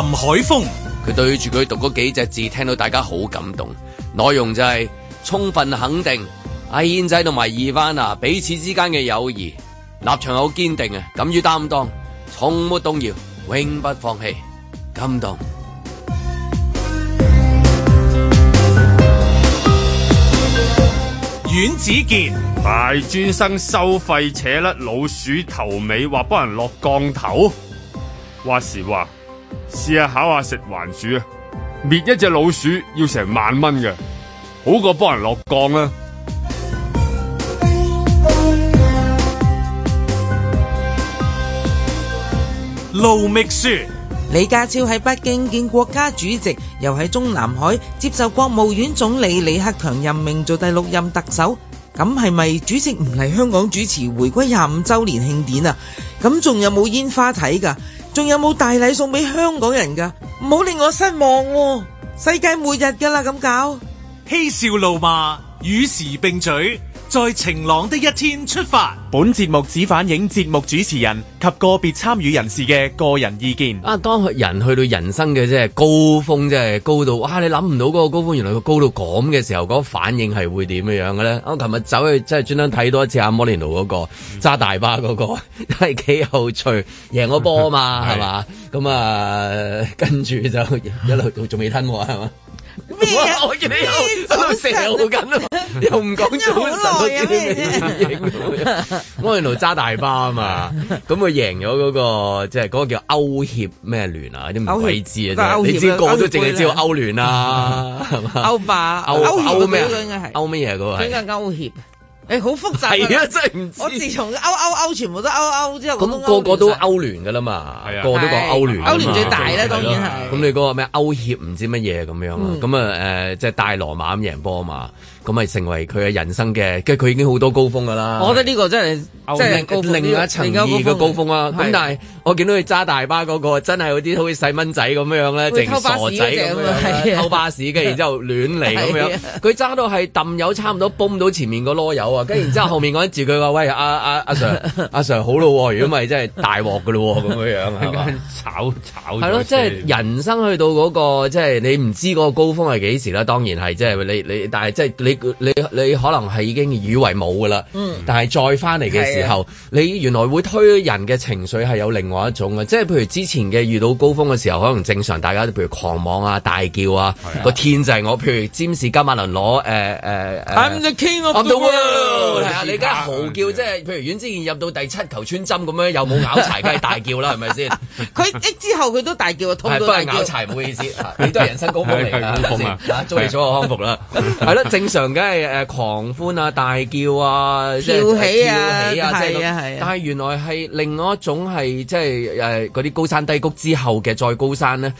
林海峰，佢對住佢讀嗰幾隻字，聽到大家好感動。內容就係、是、充分肯定阿燕仔同埋二班啊，彼此之間嘅友誼，立場好堅定啊，敢於擔當，從沒動搖，永不放棄。感動。阮子杰，大專生收費扯甩老鼠頭尾，話幫人落降頭，話時話。試下考下食環署啊，滅一隻老鼠要成萬蚊嘅，好過幫人落降啦。盧覓雪，李家超喺北京見國家主席，又喺中南海接受國務院總理李克強任命做第六任特首，咁係咪主席唔嚟香港主持回歸廿五周年慶典啊？咁仲有冇煙花睇噶？仲有冇大禮送俾香港人噶？唔好令我失望啊！世界末日噶啦咁搞，嬉笑怒罵與時並舉。在晴朗的一天出發。本節目只反映節目主持人及個別參與人士嘅個人意見。啊，當人去到人生嘅即係高峰，即係高度，哇，你諗唔到嗰個高峰原來佢高到咁嘅時候，嗰、那個、反應係會點嘅樣嘅咧？我琴日走去即係專登睇多一次阿、啊、摩連奴嗰、那個揸大巴嗰、那個，係幾有趣，贏咗波啊嘛，係嘛 是？咁、嗯、啊，跟住就一路都仲未吞喎，係嘛？咩啊！我見你成日都好緊，又唔講早唞啲嘢。我原來揸大巴啊嘛，咁佢贏咗嗰個即係嗰個叫勾協咩聯啊？啲唔鬼知啊！你知個都淨係知道歐聯啊，係嘛？歐霸、歐歐咩啊？應該係歐咩嘢？嗰個係。歐協？誒好複雜嘅真係唔知。我自從歐歐歐全部都歐歐之後，咁個個都歐聯嘅啦嘛，個個都講歐聯，歐聯最大咧，當然係。咁你嗰個咩歐協唔知乜嘢咁樣咁啊誒，即係大羅馬咁贏波啊嘛，咁咪成為佢嘅人生嘅，即係佢已經好多高峰嘅啦。我覺得呢個真係即係另一層二個高峰啊！咁但係我見到佢揸大巴嗰個真係啲好似細蚊仔咁樣咧，成傻仔咁樣，偷巴士，跟住之後亂嚟咁樣，佢揸到係揼油差唔多到前面個籮柚跟然之後， 後面嗰陣字，佢話：喂，阿阿阿 Sir，阿 Sir，好咯，如果咪真係大鑊嘅咯，咁樣樣啊，炒炒係咯，即係 人生去到嗰、那個，即、就、係、是、你唔知嗰個高峰係幾時啦。當然係，即、就、係、是、你你，但係即係你你你可能係已經以為冇嘅啦。但係再翻嚟嘅時候，嗯、你原來會推人嘅情緒係有另外一種嘅，即、就、係、是、譬如之前嘅遇到高峰嘅時候，可能正常大家譬如狂妄啊、大叫啊，的個天就係我。譬如詹士金馬倫攞誒誒係啊！你而家嚎叫，即係譬如袁之健入到第七球穿針咁樣，又冇咬柴，梗係大叫啦，係咪先？佢擊之後佢都大叫，痛到咬柴，唔好意思，亦都係人生高峰嚟噶先。吓，祝你早日康復啦，係咯，正常梗係誒狂歡啊，大叫啊，跳起跳起啊，即係。但係原來係另外一種係即係誒嗰啲高山低谷之後嘅再高山咧。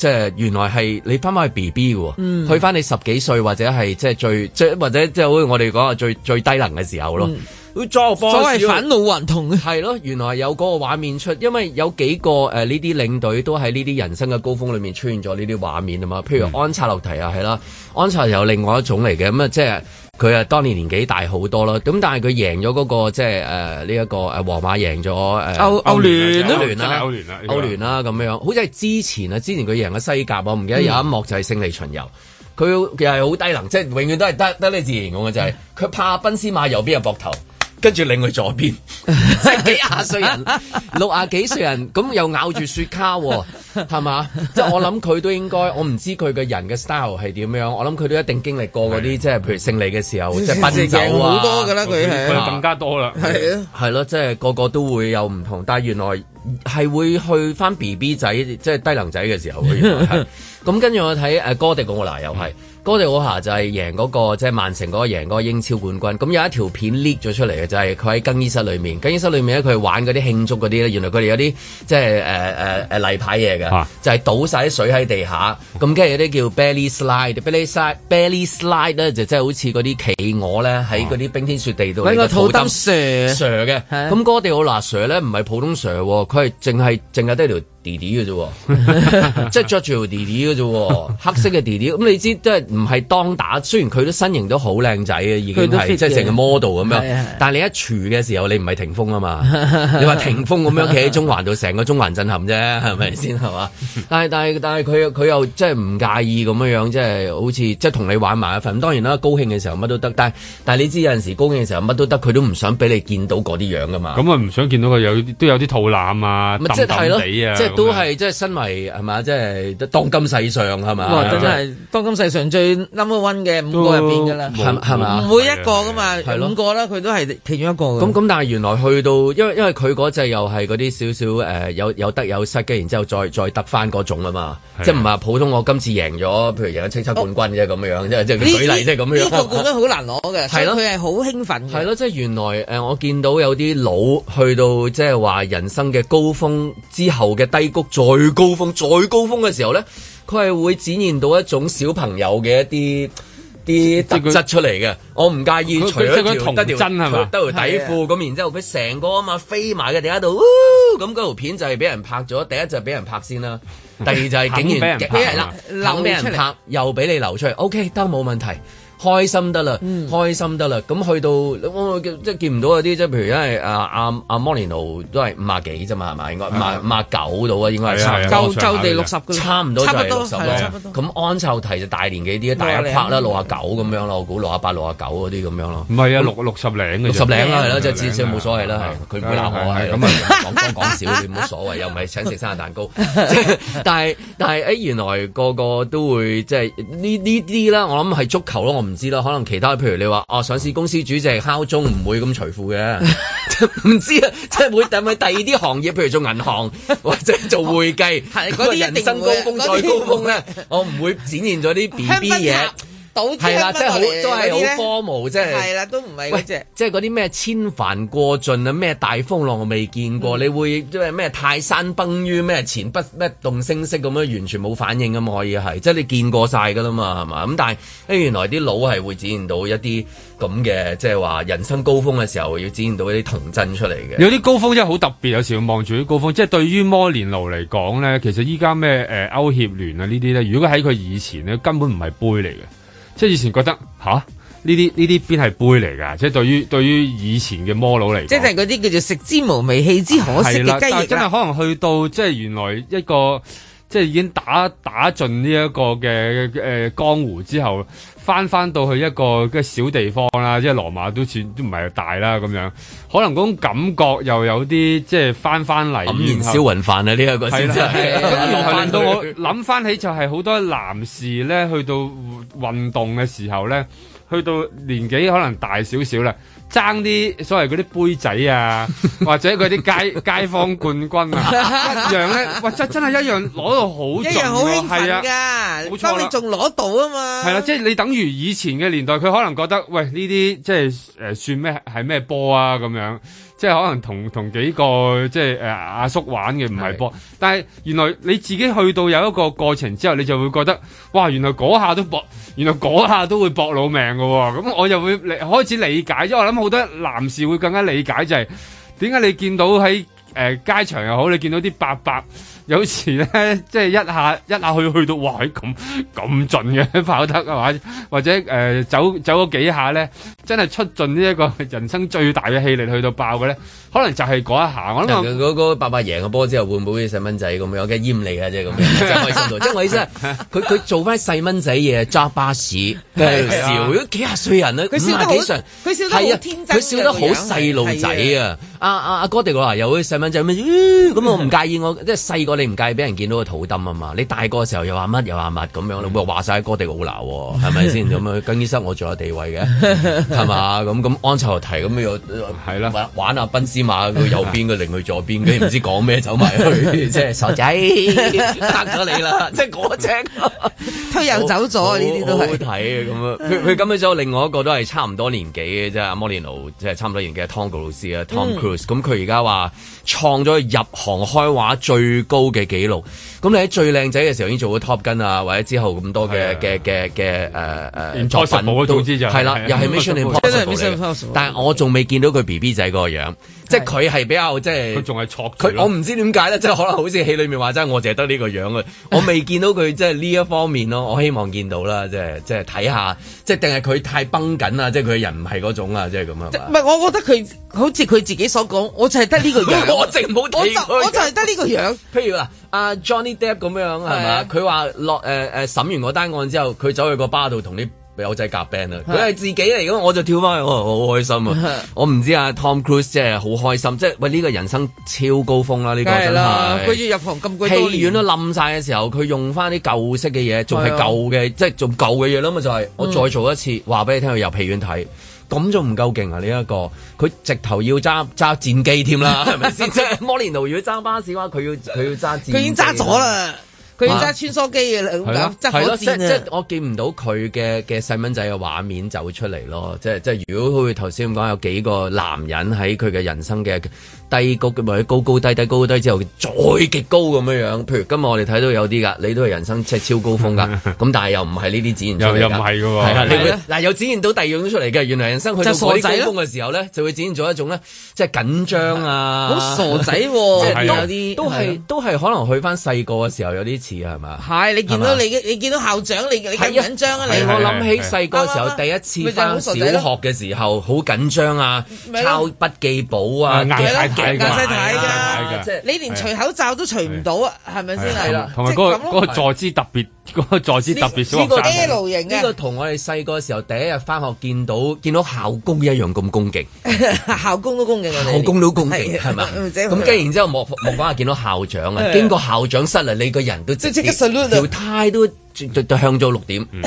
即係原來係你翻返去 BB 嘅喎，嗯、去翻你十幾歲或者係即係最即係或者即係好似我哋講啊最最低能嘅時候咯。嗯。佢助波，所謂返老還童啊！係咯，原來有嗰個畫面出，因為有幾個誒呢啲領隊都喺呢啲人生嘅高峰裏面出現咗呢啲畫面啊嘛，譬如安察洛提啊，係啦，安察有另外一種嚟嘅，咁、嗯、啊即係佢啊當年年紀大好多啦，咁但係佢贏咗嗰、那個即係誒呢一個誒皇馬贏咗誒、呃、歐歐聯歐聯啦，歐聯啦，歐聯啦咁樣，好似係之前啊，之前佢贏咗西甲，我唔記得有一幕就係勝利巡遊，佢其實係好低能，即係永遠都係得得，得你自然咁嘅就係佢怕賓斯馬由邊有膊頭？跟住擰去咗邊， 即係幾廿歲人、 六廿幾歲人，咁又咬住雪茄喎、哦，係嘛？ 即係我諗佢都應該，我唔知佢嘅人嘅 style 係點樣，我諗佢都一定經歷過嗰啲，即係的譬如勝利嘅時候，即係奔走啊，更加多啦，係啊，係咯，即係個個都會有唔同，但係原來係會去翻 B B 仔，即、就、係、是、低能仔嘅時候，原來係。咁跟住我睇誒、呃、哥迪講嘅嗱，又係、嗯。嗯哥地奧夏就係贏嗰、嗰個即係曼城嗰個贏嗰個英超冠軍，咁有一條片 leak 咗出嚟嘅就係佢喺更衣室裏面，更衣室裏面咧佢玩嗰啲慶祝嗰啲咧，原來佢哋有啲即係誒誒誒例牌嘢嘅，就係、係呃呃就係、倒晒啲水喺地下，咁跟住有啲叫 belly slide belly slide belly slide 咧就即係好似嗰啲企鵝咧喺嗰啲冰天雪地度，整、啊、個肚 slide 嘅，咁的、啊、哥迪奧納 slide 咧唔係普通 slide 喎、哦，佢係淨係淨係得條。弟弟嘅啫，即係着住條弟弟嘅啫，黑色嘅弟弟。咁、嗯、你知即係唔係當打？雖然佢都身形都好靚仔嘅，已經係即係成個 model 咁樣。 對對對，但係你一除嘅時候，你唔係霆鋒啊嘛？ 你話霆鋒咁樣企喺中環度，成個中環震撼啫，係咪先係嘛？但係但係但係佢佢又，又，又，又，又即係唔介意咁樣樣，即係好似即係同你玩埋一份。咁當然啦，高興嘅時候乜都得。但係但係你知有陣時高興嘅時候乜都得，佢都唔想俾你見到嗰啲樣噶嘛。咁啊、嗯，唔想見到佢有都有啲肚腩啊，凼凼地啊。都係即係身為係嘛，即係當今世上係嘛？真係當今世上最 number one 嘅五個入面㗎啦，係嘛？每一個㗎嘛，五個啦，佢都係其中一個。咁咁，但係原來去到，因為因為佢嗰隻又係嗰啲少少誒有有得有失嘅，然之後再再得翻嗰種啊嘛，即係唔係普通我今次贏咗，譬如贏咗叱吒冠軍啫咁樣，即係即係舉例，即係咁樣。呢個冠軍好難攞嘅，係咯，佢係好興奮。係咯，即係原來誒，我見到有啲老去到即係話人生嘅高峰之後嘅低低谷再高峰，再高峰嘅時候咧，佢係會展現到一種小朋友嘅一啲啲特質出嚟嘅。他我唔介意他除咗得條真係嘛，得條底褲咁，然之後俾成個啊嘛飛埋嘅地下度，咁嗰條片就係俾人拍咗，第一就係俾人拍先啦，第二就係竟然留俾 人拍，又俾你流出嚟，OK 都冇問題。開心得啦，開心得啦。咁去到即係見唔到嗰啲，即係譬如因為阿阿阿摩連奴都係五啊幾啫嘛，係嘛？應該五五啊九到啊，應該係就就地六十嘅，差唔多，就差不多咁。安臭提就大年紀啲，大一拍啦六啊九咁樣咯，我估六啊八六啊九嗰啲咁樣咯。唔係啊，六六十零六十零啦係咯，即係至少冇所謂啦。佢唔會鬧我係咁啊，講講少冇所謂，又唔係請食生日蛋糕。但係但係誒，原來個個都會即係呢呢啲啦。我諗係足球咯，唔知咯，可能其他譬如你話哦，上市公司主席敲鐘唔會咁隨富嘅，唔 知啊，即係會喺第二啲行業，譬如做銀行或者做會計，嗰啲人生高峰再高峰咧，我唔會展現咗啲 B B 嘢。係啦，即係好都係好荒蕪，即係係啦，都唔係。喂，即係嗰啲咩千帆過盡啊，咩大風浪我未見過，嗯、你會即係咩泰山崩於咩前不咩動聲色咁樣，完全冇反應噶嘛，可以係，即係你見過晒噶啦嘛係嘛咁，但係誒原來啲腦係會展現到一啲咁嘅，即係話人生高峰嘅時候要展現到一啲童真出嚟嘅。有啲高峰真係好特別，有時望住啲高峰，即係對於摩連奴嚟講咧，其實依家咩誒歐協聯啊呢啲咧，如果喺佢以前咧，根本唔係杯嚟嘅。即係以前覺得吓，呢啲呢啲邊係杯嚟㗎？即係對於對於以前嘅摩佬嚟，即係嗰啲叫做食之無味、棄之可惜嘅雞翼咁，啊。但真可能去到即係原來一個。即係已經打打進呢一個嘅誒、呃、江湖之後，翻翻到去一個嘅小地方啦，即係羅馬都似都唔係大啦咁樣，可能嗰種感覺又有啲即係翻翻嚟，然後暗然消雲散呢一個先真係，令到我諗翻起就係好多男士咧去到運動嘅時候咧，去到年紀可能大少少啦。爭啲所謂嗰啲杯仔啊， 或者嗰啲街 街坊冠軍啊 一，一樣咧、啊，喂真真係一樣攞到好，一樣好興奮㗎，幫、啊、你仲攞到啊嘛。係啦、嗯啊，即係你等於以前嘅年代，佢可能覺得喂呢啲即係誒、呃、算咩係咩波啊咁樣。即係可能同同幾個即係誒阿叔玩嘅，唔係搏。是的 但係原來你自己去到有一個過程之後，你就會覺得，哇！原來嗰下都搏，原來嗰下都會搏老命嘅喎、哦。咁我就會理開始理解，因為我諗好多男士會更加理解就係點解你見到喺誒、呃、街場又好，你見到啲伯伯。有時咧，即係一下一下去去到哇，咁咁盡嘅跑得啊，或者或者誒走走咗幾下咧，真係出盡呢一個人生最大嘅氣力去到爆嘅咧，可能就係嗰一下。我諗佢嗰嗰伯伯贏個波之後，會唔會啲細蚊仔咁樣？我驚閹你啊，即係咁，真開心到，因為真係佢佢做翻細蚊仔嘢揸巴士喺度笑，如果幾廿歲人咧，唔幾佢笑得好天真，佢笑得好細路仔啊！阿阿阿哥哋話又啲細蚊仔咁，咁我唔介意，我即係細個。你唔介意俾人見到個肚燈啊嘛？你大個嘅時候又話乜又話乜，咁樣，你會話晒。哥地奧拿係咪先咁啊？更衣室我仲有地位嘅係嘛？咁咁安切羅提咁又係啦，玩阿賓斯馬個右邊嘅令佢左邊嘅唔知講咩走埋去，即係傻仔，得咗你啦！即係嗰隻推又走咗，呢啲都好睇咁佢，佢今走。另外一個都係差唔多年紀嘅即係阿摩連奴即係差唔多年紀嘅湯告魯斯啊，Tom Cruise。咁佢而家話創咗入行開畫最高。嘅記錄，咁你喺最靚仔嘅時候已經做咗 Top Gun 啊，或者之後咁多嘅嘅嘅嘅誒誒，初臣冇咗通知就係啦，又係 Mission Impossible 嚟嘅，但係我仲未見到佢 B B 仔個樣。即係佢係比較即係，佢仲係錯佢。我唔知點解咧， 即係可能好似戲裏面話齋，我淨係得呢個樣嘅，我未見到佢即係呢一方面咯。我希望見到啦，即係即係睇下，即係定係佢太繃緊啊！即係佢人唔係嗰種啊，即係咁啊。唔係，我覺得佢好似佢自己所講，我淨係得呢個樣。 我淨冇係得呢個樣。個樣 譬如嗱，阿、啊、Johnny Depp 咁樣係嘛，佢話是、啊、落誒誒、呃、審完嗰單案之後，佢走去個巴度同你。友仔夾 band 啊，佢係自己嚟，咁我就跳翻去，我、哦、好開心啊！ 我唔知啊，Tom Cruise 即係好開心，即係喂呢、這個人生超高峰啦、啊！呢個真係，佢要入行咁，佢戲院都冧晒嘅時候，佢用翻啲舊式嘅嘢，仲係舊嘅，對哦、即係仲舊嘅嘢啦嘛！就係、是、我再做一次，話俾、嗯、你聽去由戲院睇，咁仲唔夠勁啊？呢、這、一個，佢直頭要揸揸戰機添啦，係咪先？ 摩連奴如果揸巴士嘅話，佢要佢要揸戰機，佢 已經揸咗啦。 佢而家穿梭機嘅咁樣，哇即係、就是，我見唔到佢嘅嘅細蚊仔嘅畫面走出嚟咯，即係即係如果佢頭先咁講，有幾個男人喺佢嘅人生嘅。低谷嘅咪高高低低高低之後再極高咁樣樣，譬如今日我哋睇到有啲噶，你都係人生即係超高峰噶，咁但係又唔係呢啲展現又唔係㗎喎。係啊，嗱有展現到第二樣出嚟嘅，原來人生去到超高峰嘅時候咧，就會展現咗一種咧，即係緊張啊。好傻仔喎，都都係都係可能去翻細個嘅時候有啲似係嘛？係你見到你你見到校長你你緊唔緊張啊？你我諗起細個時候第一次翻小學嘅時候好緊張啊，抄筆記簿啊，壓題。架勢睇㗎，即係你連除口罩都除唔到啊，係咪先嚟啦係？同埋嗰個嗰個坐姿特別，嗰個坐姿特別。試過 L 型啊！呢個同我哋細個時候第一日翻學見到，見到校工一樣咁恭敬，校工都恭敬，校工都恭敬，係咪？咁跟然之後，莫莫講啊，見到校長啊，經過校長室嚟，你個人都即即刻 salute 啊，條呔都。都向咗六點，嗯、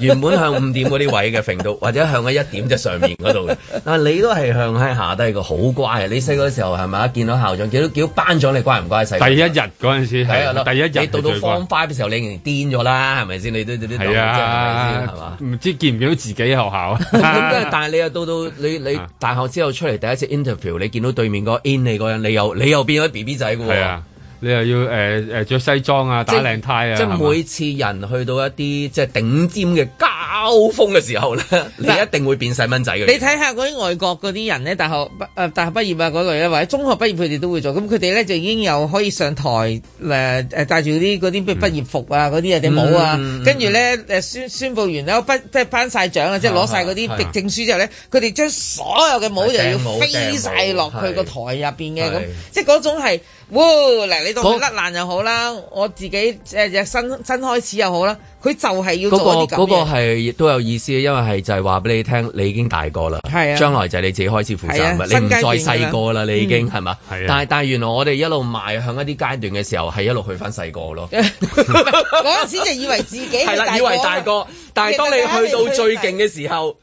原本向五點嗰啲位嘅揈到，或者向喺一點即上面嗰度嘅。但係你都係向喺下低嘅，好乖啊！你細個時候係咪，見到校長，見到見到班長，你乖唔乖？第一日嗰陣時，第一日你到到 Form Five 嘅時候，你已經癲咗啦，係咪先？你都你都到嘅，係嘛？唔、啊、知見唔見到自己學校啊？ 但係你又到到你你大學之後出嚟第一次 interview，你見到對面個 in 你個人，你又你又，你又變咗 BB 仔嘅喎。你又要誒誒著西裝啊，打靚呔啊！即每次人去到一啲即係頂尖嘅交鋒嘅時候咧，你一定會變細蚊仔嘅。你睇下嗰啲外國嗰啲人咧，大學誒大學畢業啊嗰類啊，或者中學畢業佢哋都會做。咁佢哋咧就已經有可以上台誒誒戴住啲嗰啲咩畢業服啊嗰啲嘅帽啊，跟住咧誒宣宣佈完咧即係頒晒獎啊，即係攞晒嗰啲證書之後咧，佢哋將所有嘅帽就要飛晒落去個台入邊嘅咁，即係嗰種係，你。嗰、嗰個甩難又好啦，我自己誒隻、呃、新新開始又好啦，佢就係要做啲咁。嗰、嗰個、嗰個、都有意思嘅，因為係就係話俾你聽，你已經大個啦，啊、將來就係你自己開始負責、啊、你唔再細個啦，嗯、你已經係嘛？係啊。但係但係原來我哋一路邁向一啲階段嘅時候，係一路去翻細個咯。嗰陣 時就以為自己係大個， 以為大個，但係當你去到最勁嘅時候。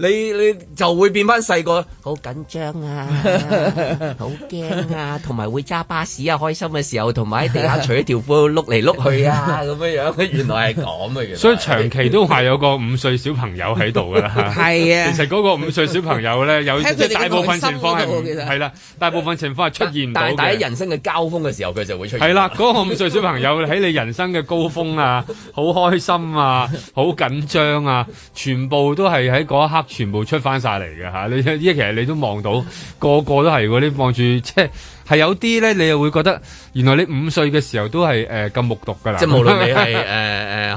你你就會變翻細個，好緊張啊，好驚啊，同埋會揸巴士啊，開心嘅時候，同埋喺地下除咗條褲碌嚟碌去啊，咁樣樣，原來係咁嘅樣，所以長期都係有個五歲小朋友喺度噶啦，係 啊，其實嗰個五歲小朋友咧，有即係大部分情況係係啦，大部分情況係出現，唔到嘅。但喺人生嘅高峰嘅時候，佢就會出現，係啦，嗰、嗰個五歲小朋友喺你人生嘅高峰啊，好開心啊，好緊張啊，全部都係喺嗰一刻。全部出翻晒嚟嘅嚇，你一其實你都望到 個個都係喎，你望住即係係有啲咧，你又會覺得原來你五歲嘅時候都係誒咁木獨㗎啦，即係無論你係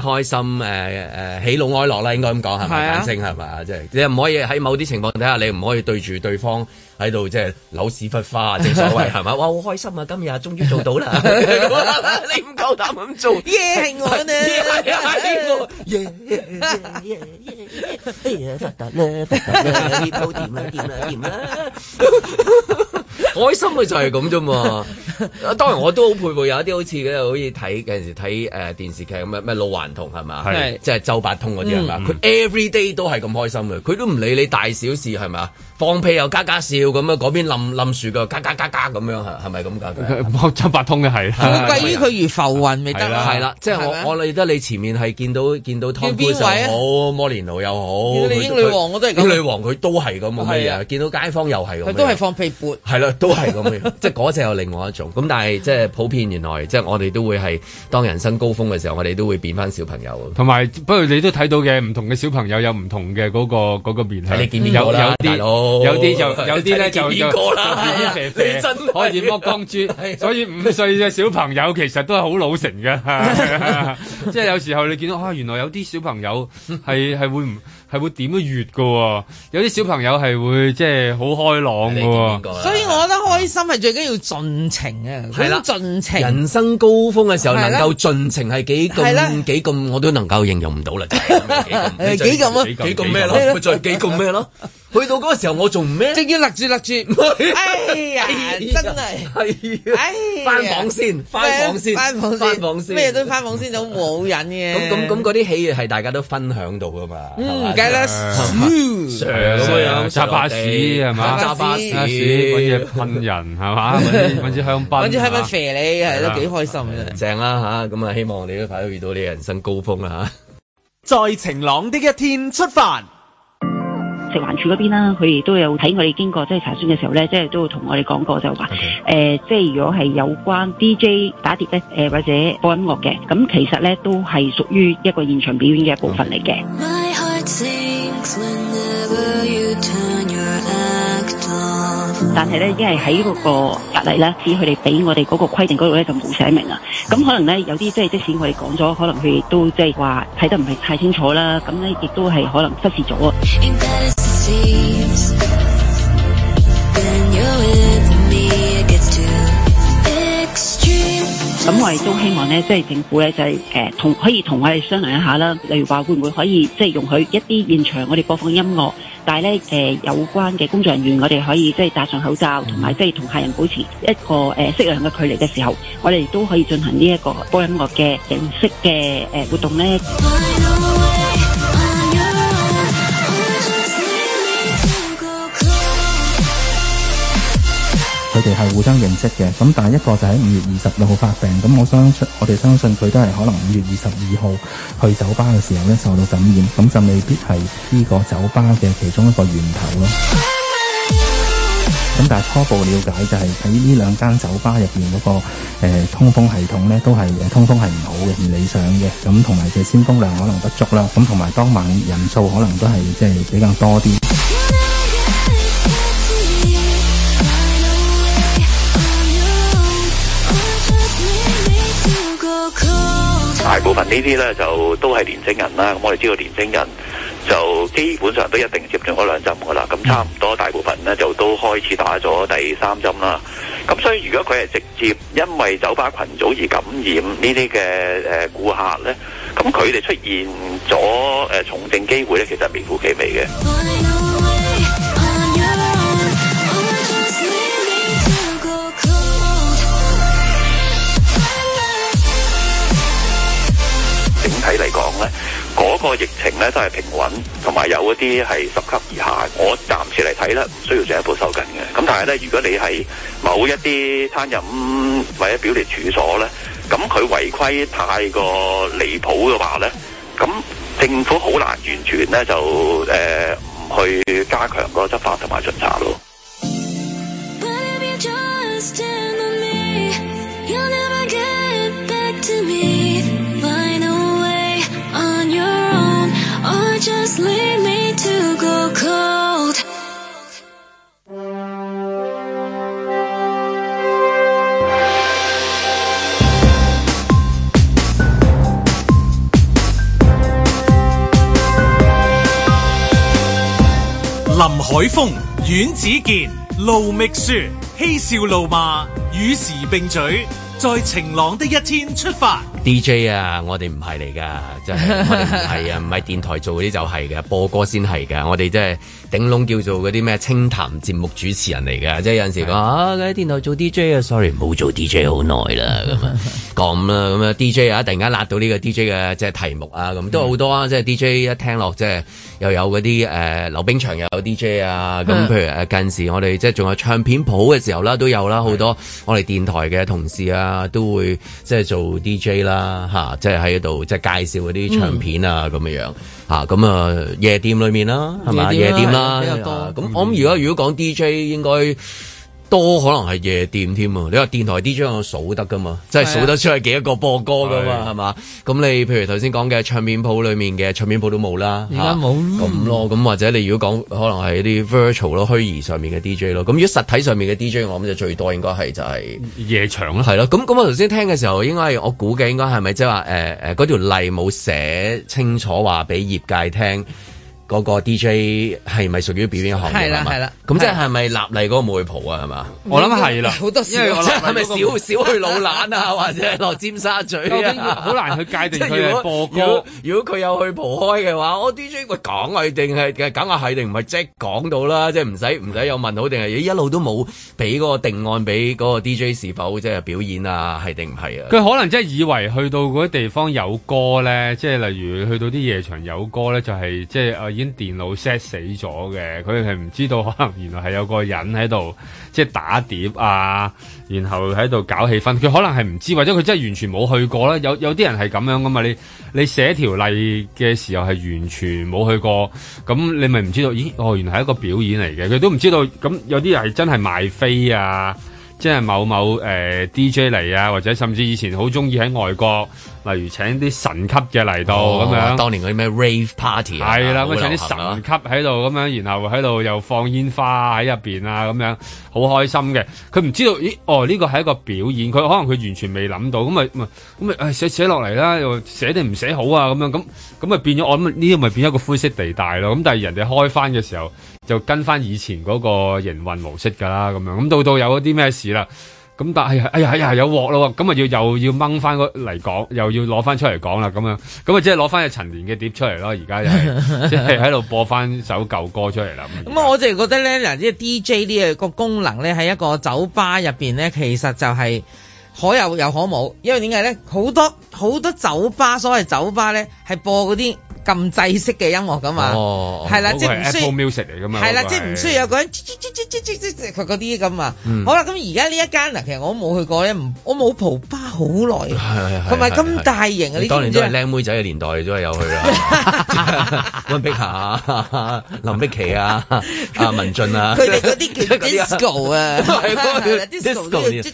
誒誒開心誒誒、呃、喜怒哀樂啦，應該咁講係咪眼睛係咪啊？即係、即係、你唔可以喺某啲情況底下，你唔可以對住對方。喺度即係扭屎忽花，正所謂，係咪？哇好開心啊！今日終於做到啦，你唔夠膽咁做，耶，係我啦，係我耶耶耶耶，哎呀發達啦，發達啦，啲鋪掂啦，掂啦，掂啦，開心嘅就係咁啫嘛。當然我都好佩服有一啲好似咧，好似睇嗰陣時睇誒電視劇咁啊，咩老頑童係嘛，即係周伯通嗰啲係嘛，佢 everyday 都係咁開心嘅，佢都唔理你大小事係嘛。放屁又加加笑咁啊！嗰邊冧冧樹腳，加加加加咁樣嚇，係咪咁噶？百通嘅係，佢計於佢如浮雲未得，係啦，即係我我理得你前面係見到見到湯罐又好，摩連奴又好，英女王我都係，英女王佢都係咁，係啊，見到街坊又係，佢都係放屁盤，係啦，都係咁即係嗰隻又另外一種。咁但係即係普遍原來即係我哋都會係當人生高峰嘅時候，我哋都會變翻小朋友。同埋不過你都睇到嘅唔同嘅小朋友有唔同嘅嗰個嗰個面貌，有有啲。有啲就，有啲咧就就變身，開始剝光珠。所以五歲嘅小朋友其實都係好老成嘅，即係有時候你見到啊，原來有啲小朋友係係會唔係會點樣越噶，有啲小朋友係會即係好開朗噶。所以我覺得開心係最緊要盡情啊，咁盡情。人生高峰嘅時候能夠盡情係幾咁幾咁，我都能夠形容唔到啦。幾咁啊？幾咁咩咯？再幾咁咩咯？去到嗰個時候，我仲咩？即要勒住勒住。哎呀，真係係啊！翻房先，翻房先，翻房先，咩都翻房先，就冇癮嘅。咁咁咁，嗰啲喜悅係大家都分享到噶嘛？唔梗啦，super 咁樣揸巴士係嘛，揸巴士，噴人係嘛，搵支香檳，搵支香檳肥你，係都幾開心嘅。正啦吓，咁啊，希望你都快到遇到你人生高峰啦吓。在晴朗的一天出發。食環署嗰邊啦，佢亦都有睇我哋經過即係查詢嘅時候咧，即係都會同我哋講過就話，誒即係如果係有關 DJ 打碟咧，誒或者播音樂嘅，咁其實咧都係屬於一個現場表演嘅一部分嚟嘅。 但係咧，已經係喺嗰個隔離啦，只佢哋俾我哋嗰個規定嗰度咧，就冇寫明啊。咁可能咧，有啲即係即使我哋講咗，可能佢哋都即係話睇得唔係太清楚啦。咁咧，亦都係可能忽視咗啊。咁我哋都希望咧，即係政府咧，就係誒同可以同我哋商量一下啦。例如話會唔會可以即係容許一啲現場我哋播放音樂，但係咧誒有關嘅工作人員我哋可以即係戴上口罩，同埋即係同客人保持一個誒適量嘅距離嘅時候，我哋都可以進行呢一個播音樂嘅形式嘅誒活動咧。哋係互相認識嘅，咁但係一個就喺五月二十六號發病，咁我相信我哋相信佢都係可能五月二十二號去酒吧嘅時候咧受到感染，咁就未必係呢個酒吧嘅其中一個源頭咯。咁 但係初步了解就係喺呢兩間酒吧入邊嗰個、呃、通風系統咧都係通風係唔好嘅，唔理想嘅，咁同埋嘅新風量可能不足啦，咁同埋當晚人數可能都係即係比較多啲。 大部分呢啲呢就都係年青人啦，咁我哋知道年青人就基本上都一定接種咗兩針噶啦，咁差唔多大部分呢就都開始打咗第三針啦。咁所以如果佢係直接因為酒吧群組而感染呢啲嘅誒顧客呢，咁佢哋出現咗誒重症機會呢，其實微乎其微嘅。睇嚟講呢，嗰個疫情呢都係平穩，同埋有一啲係十級以下。我暫時嚟睇呢，唔需要進一步收緊嘅。咁但係呢，如果你係某一啲餐飲或者表列處所呢，咁佢違規太過離譜嘅話呢，咁政府好難完全呢就誒唔去加強個執法同埋巡查咯。slay me to go cold 林海峰、阮子健、盧覓雪，嬉笑怒罵，與時並舉，在晴朗的一天出發。D J 啊，我哋唔係嚟噶，即係我哋唔係啊，唔係 電台做嗰啲就係嘅，播歌先係噶。我哋即係頂籠叫做嗰啲咩清談節目主持人嚟噶，即係有陣時講的啊，你喺電台做 D J 啊，sorry，冇做 D J 好耐啦咁啊，咁啊 D J 啊，突然間辣到呢個 D J 嘅即係題目啊，咁都好多啊，即係 D J 一聽落即係又有嗰啲誒溜冰場又有 D J 啊，咁的譬如誒近時我哋即係仲有唱片鋪嘅時候啦，都有啦，好多我哋電台嘅同事啊，都會即係做 D J 啦。啊，吓、就是，即係喺度即係介紹嗰啲唱片啊咁、嗯、樣樣吓，咁啊夜店裏面啦，係咪啊？夜店啦比較多。咁我諗，而家如果講 DJ 應該多可能係夜店添啊！你話電台 DJ 我數得噶嘛？即係是、啊、數得出係幾多個播歌噶嘛？係嘛是、啊？咁你譬如頭先講嘅唱片鋪裏面嘅唱片鋪都冇啦，而家冇咁咯。咁或者你如果講可能係一啲 virtual 咯，虛擬上面嘅 DJ 咯。咁如果實體上面嘅 DJ 我諗就最多應該係就係、是、夜場啦、啊啊。係咯。咁咁我頭先聽嘅時候，應該係我估嘅應該係咪即係話誒誒嗰條例冇寫清楚話俾業界聽？嗰個 DJ 係咪屬於表演行業？係啦，係啦。咁即係咪立例嗰、嗯、個舞婆啊？係嘛？我諗係啦，好多，即係咪少少去老懶啊，或者落尖沙咀啊，好難去界定佢播歌如。如果佢有去蒲開嘅話，我 DJ 會講佢定係梗講下係定唔係即講到啦，即係唔使唔使有問好定係一路都冇俾嗰個定案俾嗰個 DJ 是否即係表演啊？係定唔係啊？佢可能即係以為去到嗰啲地方有歌咧，即係例如去到啲夜場有歌咧，就係、是、即係電腦 set 死咗嘅，佢係唔知道，可能原來係有個人喺度即係打碟啊，然後喺度搞氣氛。佢可能係唔知，或者佢真係完全冇去過啦。有有啲人係咁樣㗎嘛？你你寫條例嘅時候係完全冇去過，咁你咪唔知道？咦，哦，原來係一個表演嚟嘅，佢都唔知道。咁有啲人係真係賣飛啊，即係某某誒、呃、DJ 嚟啊，或者甚至以前好中意喺外國。例如請啲神級嘅嚟到咁、哦、樣，當年嗰啲咩 Rave Party 係、啊、啦，咁的、啊、請啲神級喺度咁樣，然後喺度又放煙花喺入邊啊，咁樣好開心嘅。佢唔知道咦？哦，呢個係一個表演，佢可能佢完全未諗到，咁咪咁咪咁寫寫落嚟啦，又寫定唔寫好啊，咁樣咁咁咪變咗。我諗呢啲咪變一個灰色地帶咯。咁但係人哋開翻嘅時候，就跟翻以前嗰個營運模式㗎啦，咁樣咁到到有啲咩事啦。咁但係，哎呀，哎呀，有鑊咯，咁啊要又要掹翻個嚟講，又要攞翻出嚟講啦，咁樣，咁啊即係攞翻啲陳年嘅碟出嚟咯，而家又係 即係喺度播翻首舊歌出嚟啦。咁啊，我淨係覺得咧，嗱，即係 DJ 呢個功能咧，喺一個酒吧入邊咧，其實就係可有有可冇，因為點解咧，好多。好多酒吧，所謂酒吧咧，係播嗰啲禁制式嘅音樂噶嘛，哦，係啦，即係唔需要，係啦，即係唔需要有個人嗰啲咁啊。好啦，咁而家呢一間啊，其實我冇去過咧，我冇蒲吧好耐，係係係，同埋咁大型嘅呢啲，當年都係靚妹仔嘅年代，都係有去啊。溫碧霞、林碧琪啊、阿文俊啊，佢哋嗰啲叫 disco 啊，disco 呢？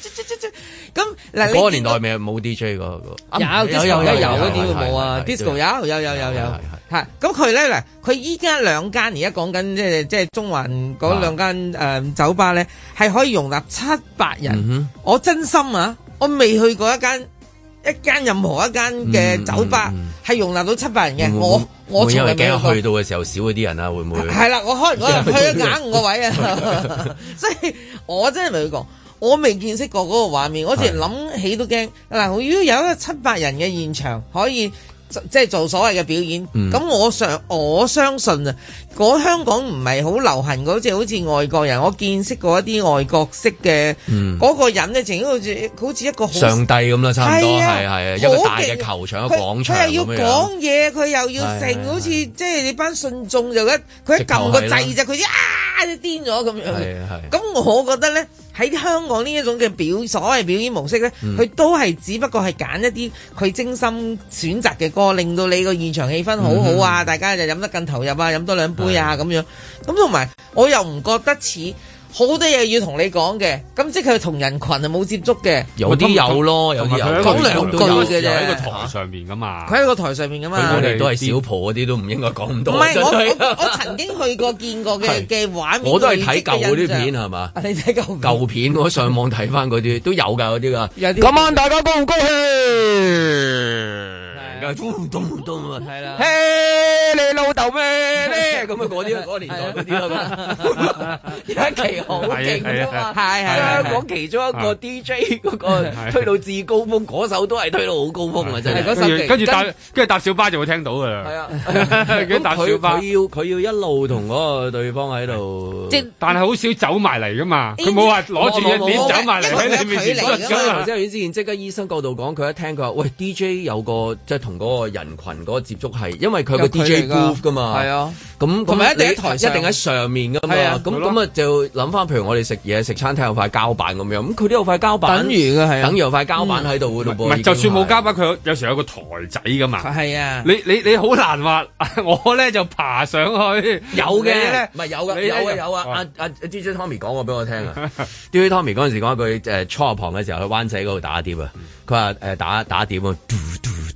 咁嗱，嗰個年代未冇 DJ 個。有有有有啲會冇啊，Disco 有有有有有，係咁佢咧嗱，佢依家兩間而家講緊即係即係中環嗰兩間誒酒吧咧，係可以容納七百人。我真心啊，我未去過一間一間任何一間嘅酒吧係容納到七百人嘅。我我因為驚去到嘅時候少嗰啲人啊，會唔會？係啦，我開唔去啊，硬唔個位啊，所以我真係未去過。我未見識過嗰個畫面，我直諗起都驚。嗱，如果有一個七百人嘅現場可以，即係做所謂嘅表演，咁、嗯、我相我相信啊。嗰香港唔係好流行嗰隻，好似外國人。我見識過一啲外國式嘅嗰個人咧，就好似好似一個上帝咁啦，差唔多係係一個大嘅球場，一個廣場，佢又要講嘢，佢又要成好似即係你班信眾就一佢一撳個掣，就佢啊癲咗咁樣。咁我覺得咧，喺香港呢一種嘅表所謂表演模式咧，佢都係只不過係揀一啲佢精心選擇嘅歌，令到你個現場氣氛好好啊，大家就飲得更投入啊，飲多兩杯。呀咁樣，咁同埋我又唔覺得似，好多嘢要同你講嘅，咁即係同人群係冇接觸嘅，有啲有咯，有啲有。講兩句嘅就喺個台上面噶嘛，佢喺個台上面噶嘛，我哋都係小婆嗰啲都唔應該講咁多。唔係我我曾經去過見過嘅嘅畫面我都係睇舊啲片係嘛？你睇舊舊片我上網睇翻嗰啲都有㗎嗰啲㗎。今晚大家高唔高興？唔唔動啊！係啦，嘿，你老豆咩咧？咁啊，嗰啲嗰年代嗰啲啦，而家其項勁啊係係係係講其中一個 DJ 嗰個推到至高峰，嗰首都係推到好高峰啊！真係跟住搭跟住搭小巴就會聽到㗎啦。係啊，咁佢要佢要一路同嗰個對方喺度，即但係好少走埋嚟㗎嘛，佢冇話攞住隻碟走埋嚟喺你面前。咁頭先頭先，即刻醫生角度講，佢一聽佢話，喂 DJ 有個即係同。嗰個人群嗰個接觸係，因為佢個 DJ booth 噶嘛，係啊，咁同埋一定喺台上，一定喺上面噶嘛，咁咁啊就諗翻譬如我哋食嘢食餐廳有塊膠板咁樣，咁佢都有塊膠板，等於嘅係，等於有塊膠板喺度喎，就算冇膠板佢有時有個台仔噶嘛，係啊，你你你好難話，我咧就爬上去，有嘅咧，唔係有嘅，有啊有啊，阿阿 DJ Tommy 講過俾我聽啊，DJ Tommy 嗰陣時講一句初入行嘅時候去灣仔嗰度打碟啊，佢話誒打打碟啊。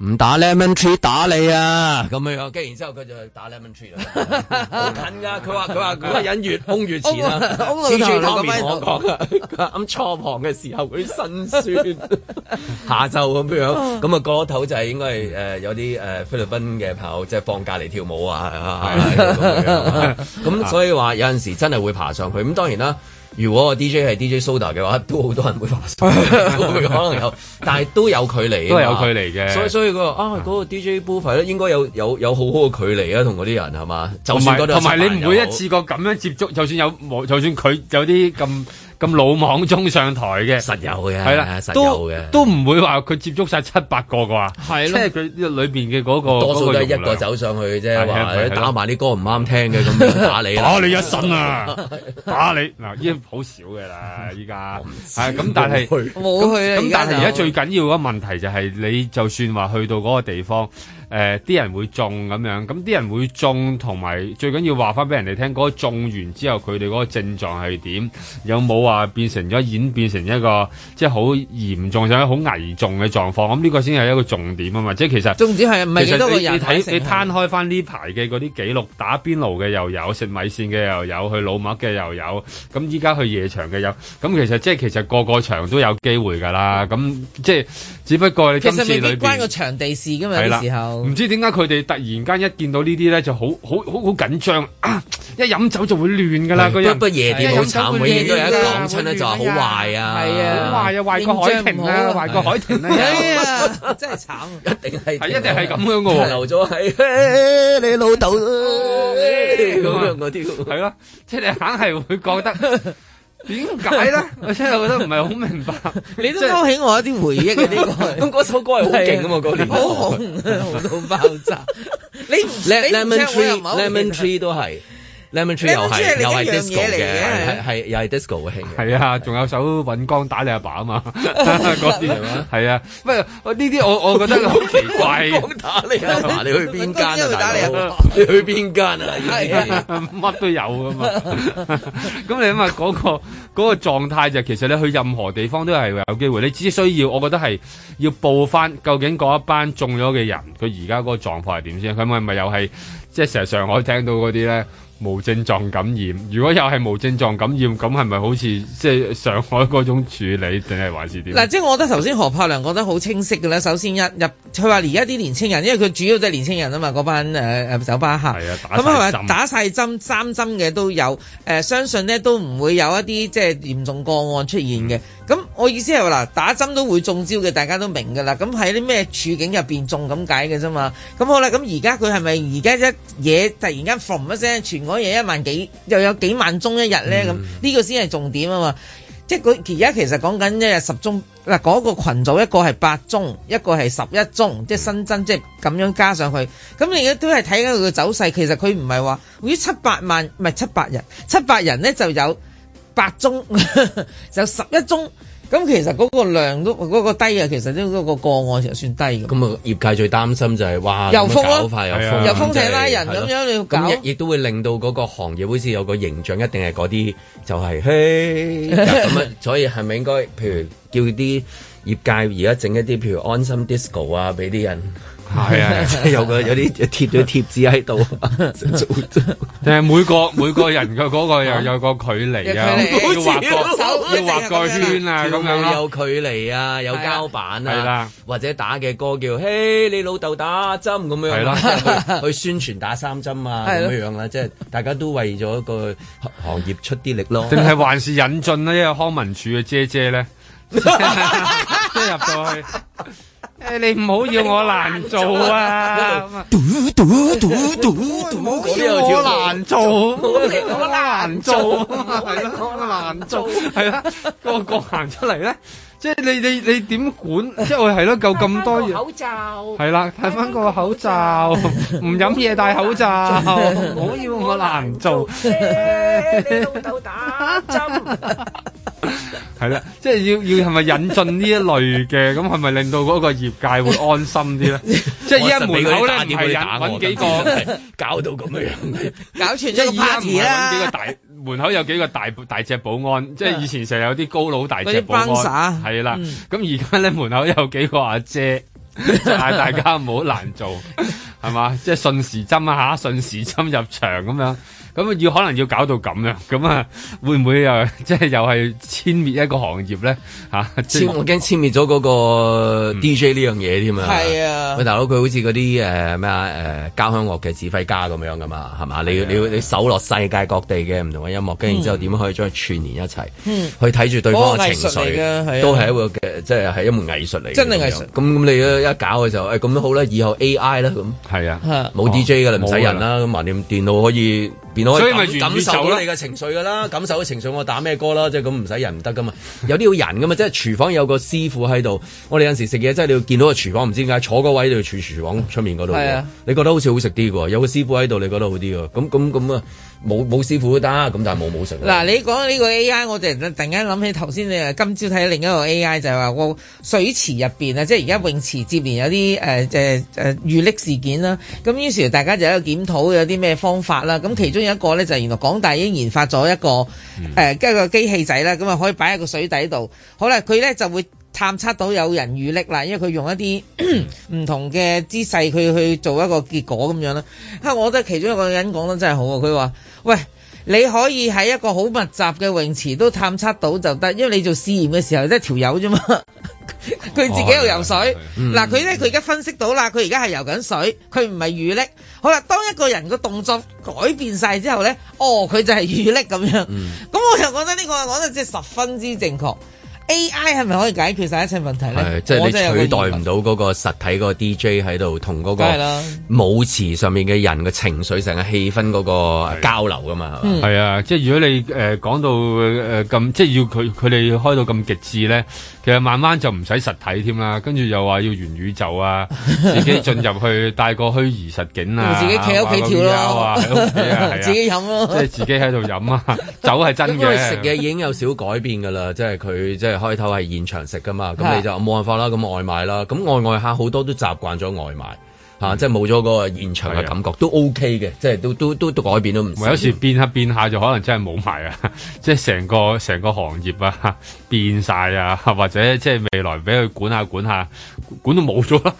唔打 Lemon Tree 打你啊，咁樣樣，跟然之後佢就打 Lemon Tree 啦，好近噶，佢話佢話嗰個人越攻越前啊，蜘蛛網面可講啊，咁初旁嘅時候會辛酸，下晝咁樣，咁啊嗰頭就係應該係誒有啲誒菲律賓嘅朋友即係放假嚟跳舞啊，咁所以話有陣時真係會爬上去，咁當然啦。如果我 DJ 係 DJ Soda 嘅話，都好多人會發生， 可能有，但係都有距離，都有距離嘅。所以所以個啊嗰個 DJ Buffet 咧，應該有有有好好嘅距離啊，同嗰啲人係嘛？同埋同埋你唔會一次過咁樣接觸，就算有冇，就算佢有啲咁。 咁魯莽中上台嘅，實有嘅，係啦，實有嘅，都唔會話佢接觸晒七八個啩，係咯，即係佢裏邊嘅嗰個多數都係一個走上去嘅啫，話啲打埋啲歌唔啱聽嘅咁打你，打你一身啊！打你嗱，依好少嘅啦，依家係咁，但係冇去，咁但係而家最緊要個問題就係你就算話去到嗰個地方。誒啲、呃、人會中咁樣，咁啲人會中同埋最緊要話翻俾人哋聽嗰個中完之後佢哋嗰個症狀係點？有冇話變成咗演變成一個即係好嚴重或者好危重嘅狀況？咁呢個先係一個重點啊嘛！即係是其實重點係唔係幾多個人你？你睇你攤開翻呢排嘅嗰啲記錄，打邊爐嘅又有，食米線嘅又有，去老麥嘅又有，咁依家去夜場嘅有。咁其實即係其實個個場都有機會㗎啦。咁即係。只不過你今次裏邊，其實未必關個場地事㗎嘛。時候唔知點解佢哋突然間一見到呢啲咧，就好好好好緊張，一飲酒就會亂㗎啦。佢不夜店好慘，永遠都有一講親咧就話好壞啊，好壞啊，壞過海婷啊，壞過海婷啊，真係慘，一定係一定係咁樣㗎喎，流咗係你老豆咁樣嗰啲，係咯，即係硬係你覺得。點解咧？呢 我真係覺得唔係好明白。 你都勾起我一啲回憶嘅，呢個咁嗰首歌係好勁啊嘛，嗰 年紅 好紅，紅到爆炸。 你 Lemon Tree，Lemon Tree 都係。 l Lemon 檸檬樹又係又係 disco 嘅，係又係 disco 嘅興。係啊，仲有首尹光打你阿爸啊嘛，嗰啲係嘛，係啊。喂，呢啲我我覺得好奇怪。打你阿你去邊間啊？打你你去邊間啊？呢啲乜都有噶嘛。咁你諗下嗰個嗰個狀態，就其實你去任何地方都係有機會，你只需要我覺得係要報翻究竟嗰一班中咗嘅人，佢而家嗰個狀況係點先？佢咪咪又係即係成日上海聽到嗰啲咧？無症狀感染，如果又係無症狀感染，咁係咪好似即係上海嗰種處理，定係還是點？嗱，即係我覺得頭先何柏良講得好清晰嘅啦。首先一入，佢話而家啲年青人，因為佢主要都係年青人啊嘛，嗰班誒誒酒吧客，咁佢、啊、打晒針，三針嘅都有，誒、呃、相信呢都唔會有一啲即係嚴重個案出現嘅。咁、嗯、我意思係話嗱，打針都會中招嘅，大家都明㗎啦。咁喺啲咩處境入邊中咁解嘅啫嘛。咁好啦，咁而家佢係咪而家一嘢突然間馴一聲嗰嘢一萬幾又有幾萬宗一日呢？咁，呢個先係重點啊嘛！即係佢而家其實講緊一日十宗嗱，嗰個羣組一個係八宗，一個係十一宗，即係新增，即係咁樣加上去。咁你都係睇緊佢嘅走勢，其實佢唔係話於七八萬，唔係七八人，七八人呢就有八宗，有十一宗。咁其實嗰個量都嗰、嗰個低啊，其實都嗰個個案其實算低嘅。咁啊，業界最擔心就係、是、哇，又封咯，又封，又封、啊，踢、就是、拉人咁樣、啊、你要搞，亦都會令到嗰個行業好似有個形象一定係嗰啲就係嘿咁啊，所以係咪應該譬如叫啲業界而家整一啲譬如安心 disco 啊，俾啲人。係啊，有個有啲貼咗貼紙喺度，定係每個每個人嘅嗰個又有個距離啊，要畫個要畫個圈啊，咁樣有距離啊，有膠板啊，或者打嘅歌叫嘿，你老豆打針咁樣，係啦，去宣傳打三針啊，咁樣啦，即係大家都為咗個行業出啲力咯。定係還是引進呢？因為康文署嘅姐姐咧，即係入到去。誒，你唔好要我難做啊！賭賭賭賭賭，叫我難做，我哋好難做啊，係咯，難做係啦，個個行出嚟咧，即係你你你點管？即係係咯，夠咁多嘢，口罩係啦，睇翻個口罩，唔飲嘢戴口罩，唔好要我難做，你老豆打針。係啦，即係要要係咪引進呢一類嘅？咁係咪令到嗰個業界會安心啲咧？即係依家門口咧係揾幾個搞到咁嘅樣，搞成一個 party 啦，揾幾個大門口有幾個大大隻保安，即係以前成日有啲高佬大隻保安，係啦。咁而家咧門口有幾個阿姐，大家唔好難做，係嘛？即係順時針啊，吓，順時針入場咁樣。咁要可能要搞到咁啊，咁啊會唔會啊即係又係殲滅一個行業咧？吓，我驚殲滅咗嗰個 D J 呢樣嘢添啊！係啊，喂大佬，佢好似嗰啲誒咩啊誒交響樂嘅指揮家咁樣噶嘛，係嘛？你你你搜落世界各地嘅唔同嘅音樂，跟住之後點樣可以將佢串連一齊？去睇住對方嘅情緒，都係一個即係係一門藝術嚟嘅。真係藝術。咁咁你一搞嘅時候，咁都好啦，以後 A I 啦咁，係啊，冇 D J 噶啦，唔使人啦，咁橫掂電腦可以變。所以咪感受你嘅情緒噶啦，感受啲情緒我打咩歌啦，即係咁唔使人唔得噶嘛，有啲要人噶嘛，即係廚房有個師傅喺度，我哋有時食嘢即係你要見到個廚房唔知點解坐嗰位喺度廚廚房出面嗰度，啊，你覺得好似好食啲喎，有個師傅喺度你覺得好啲啊，咁咁咁啊冇冇師傅得，咁但係冇冇食。嗱你講呢個 A I，我突然間諗起頭先你啊，今朝睇另一個 A I 就係話，個水池入邊啊，即係而家泳池接連有啲誒誒誒遇溺事件啦，咁於是大家就喺度檢討有啲咩方法啦，咁其中。一個咧就原來港大已經研發咗一個誒，跟、嗯呃、個機器仔啦，咁啊可以擺喺個水底度。好啦，佢咧就會探測到有人遇溺啦，因為佢用一啲唔同嘅姿勢，佢去做一個結果咁樣啦。吓，我覺得其中一個人講得真係好啊！佢話：喂，你可以喺一個好密集嘅泳池都探測到就得，因為你做試驗嘅時候得條友啫嘛。佢 自己又游水，嗱、哦，佢咧佢而家分析到啦，佢而家係游緊水，佢唔係遇溺。好啦，當一個人個動作改變晒之後咧，哦，佢就係預力咁樣。咁、嗯、我又覺得呢個講得即係十分之正確。A I 係咪可以解決晒一切問題咧？即係的你取代唔到嗰個實體 DJ 個 D J 喺度同嗰個舞池上面嘅人嘅情緒上嘅氣氛嗰個交流㗎嘛？係啊，即係如果你誒講、呃、到誒咁、呃，即係要佢佢哋開到咁極致咧。其實慢慢就唔使實體添啦，跟住又話要元宇宙啊，自己進入去帶個虛擬實景啊，自己企喺屋企跳咯，自己飲咯， 即係自己喺度飲啊，酒係真嘅。食嘅，已經有少改變㗎啦，即係佢即係開頭係現場食㗎嘛，咁 你就冇辦法啦，咁外賣啦，咁外外客好多都習慣咗外賣。嚇、啊，即係冇咗嗰個現場嘅感覺，是啊、都 OK 嘅，即係都都都改變都唔少。有時變下變下就可能真係冇埋啊！即係成個成個行業啊變晒啊，或者即係未來俾佢管下管下，管到冇咗咯。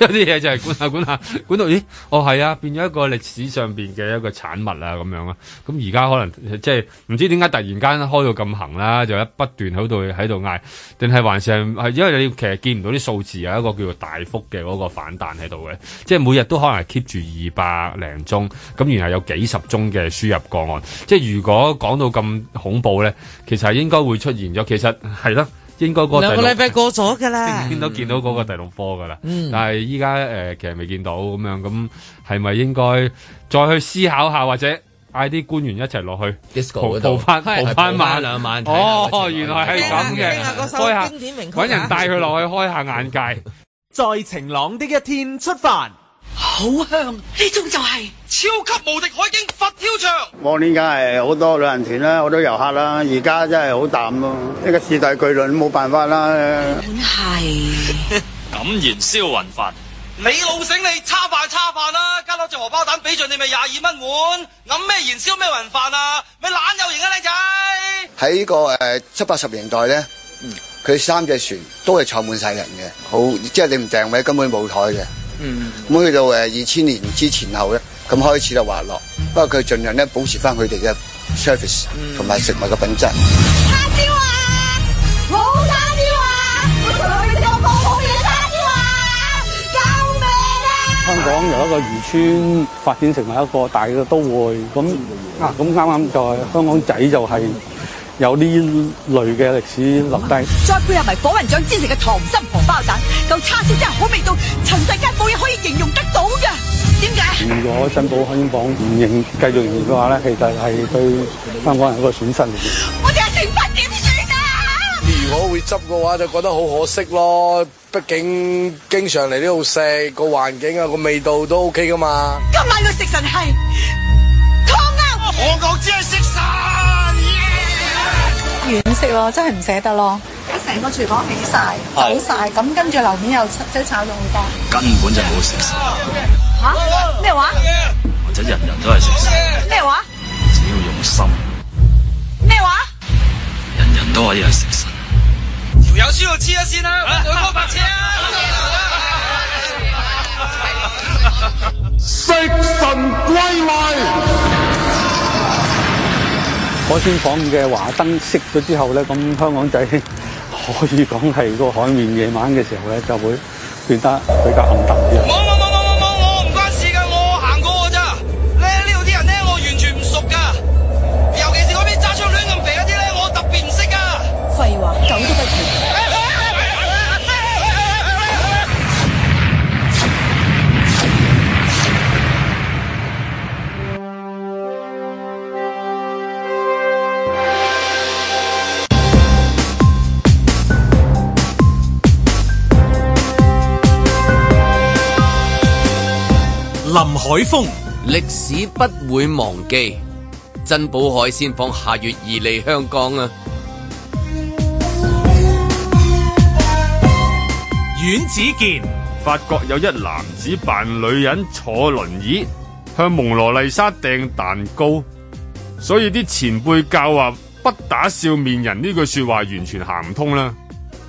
有啲嘢就係管下管下， 管到咦？哦係啊，變咗一個歷史上邊嘅一個產物啊咁樣啊。咁而家可能即係唔知點解突然間開到咁行啦，就一不斷喺度喺度嗌，定係還是係因為你其實見唔到啲數字啊，有一個叫做大幅嘅嗰個反彈喺度嘅？即係每日都可能 keep 住二百零宗，咁然後有幾十宗嘅輸入個案。即係如果講到咁恐怖咧，其實係應該會出現咗。其實係咯，應該個兩個禮拜過咗㗎啦，先都見到嗰個第六波㗎啦。但係依家誒其實未見到咁樣，咁係咪應該再去思考下，或者嗌啲官員一齊落去，蒲返蒲返兩晚？哦，原來係咁嘅，開下經典名曲，揾人帶佢落去開下眼界。在晴朗的一天出發，好香呢種就係超級無敵海景佛跳牆。往年梗係好多旅行團啦，好多遊客啦，而家真係好淡咯。一個時代巨輪冇辦法啦。梗係，咁 燃燒雲飯。你老醒你，你叉飯叉飯啦，加多隻荷包蛋俾著你咪廿二蚊碗。咁咩燃燒咩雲飯啊？咪懶有型啊，靚仔。喺、呢個誒、呃、七八十年代咧，嗯。佢三隻船都係坐滿晒人嘅，好即係你唔訂位根本冇台嘅。嗯，咁去到誒二千年之前後咧，咁開始就滑落。嗯、不過佢盡量咧保持翻佢哋嘅 service 同埋食物嘅品質。叉燒啊！冇叉燒啊！全部都冇嘢叉燒啊！救命啊！香港由一個漁村發展成為一個大嘅都會，咁啊咁啱啱就係、是、香港仔就係、是。有呢類嘅歷史留低。再配合埋火雲掌之成嘅溏心荷包蛋，嚿叉燒真係好味到，塵世間冇嘢可以形容得到嘅。點解？如果珍寶香港唔認繼續營業嘅話咧，其實係對香港人一個損失嚟嘅。我哋係成班點算啊！如果會執嘅話，就覺得好可惜咯。畢竟經常嚟呢度食，個環境啊，個味道都 OK 噶嘛。今晚要食神係湯啊。我講只係食神。款式咯，真係唔捨得咯。啲成個廚房起晒，好晒，咁跟住樓面又即炒咗好多，根本就冇食神。吓？咩話？或者人人都係食神？咩話？只要用心。咩話？人人都可以係食神。條友先要黐咗線啦，兩個白痴啊！食神歸位。海鮮舫嘅華燈熄咗之後呢，咁香港仔可以講係個海面夜晚嘅時候呢，就會變得比較暗淡啲。 林海峰，歷史不會忘記。珍寶海鮮舫下月移離香港啊！阮子健，法國有一男子扮女人坐輪椅向蒙羅麗莎掟蛋糕，所以啲前輩教話不打笑面人呢句說話完全行唔通啦。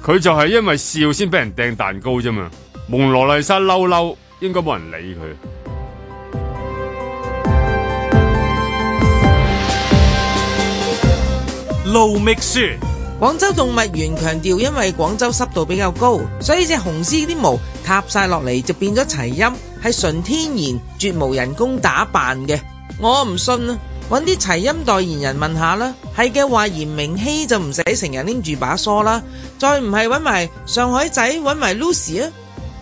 佢就係因為笑先俾人掟蛋糕啫嘛。蒙羅麗莎嬲嬲，應該冇人理佢。露蜜雪，廣州動物園強調，因為廣州濕度比較高，所以隻紅獅啲毛塌晒落嚟就變咗齊陰，係純天然，絕無人工打扮嘅。我唔信啊，揾啲齊陰代言人問下啦。係嘅話，嚴明熙就唔使成日拎住把梳啦。再唔係揾埋上海仔，揾埋 Lucy 啊。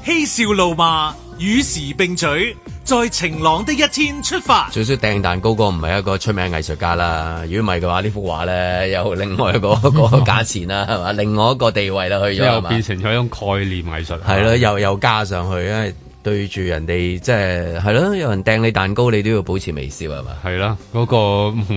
嬉笑怒罵，與時並取。在晴朗的一天出發，最少掟蛋糕嗰個唔係一個出名藝術家啦。如果唔係嘅話，呢幅畫咧有另外一個，個價錢啦，係嘛？ 另外一個地位啦，去咗嘛？又變成咗一種概念藝術，係咯吧，又又加上去，因為。對住人哋，即係係咯，有人掟你蛋糕，你都要保持微笑係嘛？係啦，嗰、那個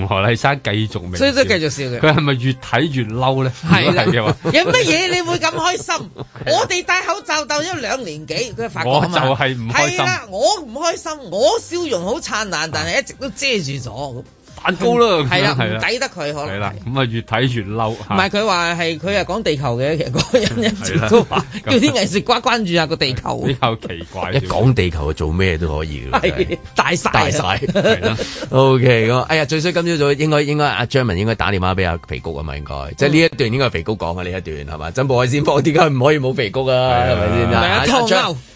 何麗莎繼續微笑，所以都繼續笑嘅。佢係咪越睇越嬲咧？係的 有乜嘢你會咁開心？ 的我哋戴口罩斗咗兩年幾，佢發覺就係唔開心。係啦，我唔開心，我笑容好燦爛，但係一直都遮住咗。眼高啦，係啊，唔抵得佢可能，咁啊越睇越嬲。唔係佢話係佢啊，講地球嘅，其實嗰個人一直都話叫啲人食瓜關注下個地球。比較奇怪，一講地球做咩都可以，大晒，大晒。OK，咁哎呀，最衰今朝早應該應該阿張文應該打電話俾阿肥谷啊嘛，應該即係呢一段應該肥谷講啊，呢一段係嘛，珍寶海鮮舫點解唔可以冇肥谷啊？係咪先？唔係阿湯。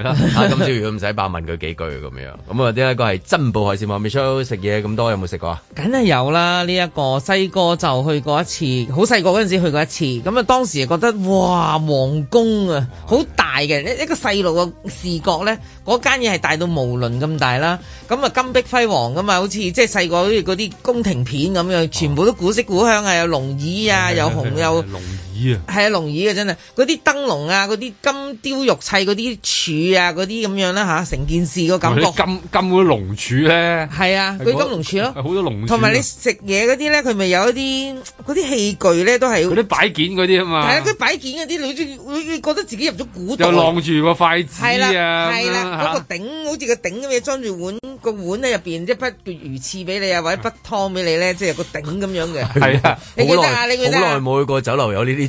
啊！今朝如果唔使扮，問佢幾句咁樣，咁啊，呢一個係珍寶海鮮舫。Michelle 食嘢咁多，有冇食過啊？梗係有啦！呢、這、一個細個就去過一次，好細個嗰陣時去過一次，咁啊當時覺得哇，皇宮啊，好哇大嘅，一的一個細路嘅視覺咧，嗰間嘢係大到無倫咁大啦。咁啊金碧輝煌噶嘛，好似即係細個好似嗰啲宮廷片咁樣，全部都古色古香啊，有龍椅啊，有的紅有係啊，龍椅啊，真係，嗰啲燈籠啊，嗰啲金雕玉砌嗰啲柱啊，嗰啲咁樣啦嚇，成件事個感覺。金金嗰啲龍柱咧，係啊，嗰啲金龍柱咯。好多龍柱同埋你食嘢嗰啲咧，佢咪有一啲嗰啲器具咧，都係嗰啲擺件嗰啲啊嘛。係啊，佢擺件嗰啲，你都你覺得自己入咗古。又晾住個筷子。係啦。係啦。嗰個頂好似個頂咁嘅，裝住碗個碗喺入邊，一撥魚翅俾你啊，或者一撥湯俾你咧，即係個頂咁樣嘅。係啊。你記得啊？你記得。好耐冇去過酒樓有呢啲。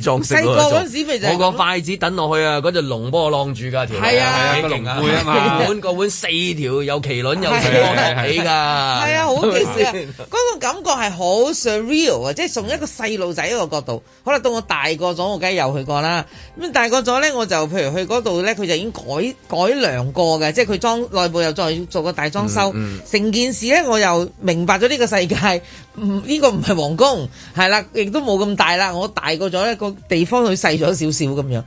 食過嗰陣時、就是，我個筷子抌落去啊！嗰、那、條、個、龍幫我擋住㗎條，係啊個龍啊嘛個碗 個碗四條，有麒麟有麒麟起㗎，係啊好幾時啊！嗰個感覺係好 surreal 啊！即係從一個細路仔一個角度，可能到我大個咗，我梗係又去過啦。咁大個咗咧，我就譬如去嗰度咧，佢就已經改改良過嘅，即係佢裝內部又再做個大裝修。成、嗯嗯、件事咧，我又明白咗呢個世界，唔、嗯、呢、這個唔係皇宮，係啦、啊，亦都冇咁大啦。我大個咗咧個地方佢細咗少少咁樣，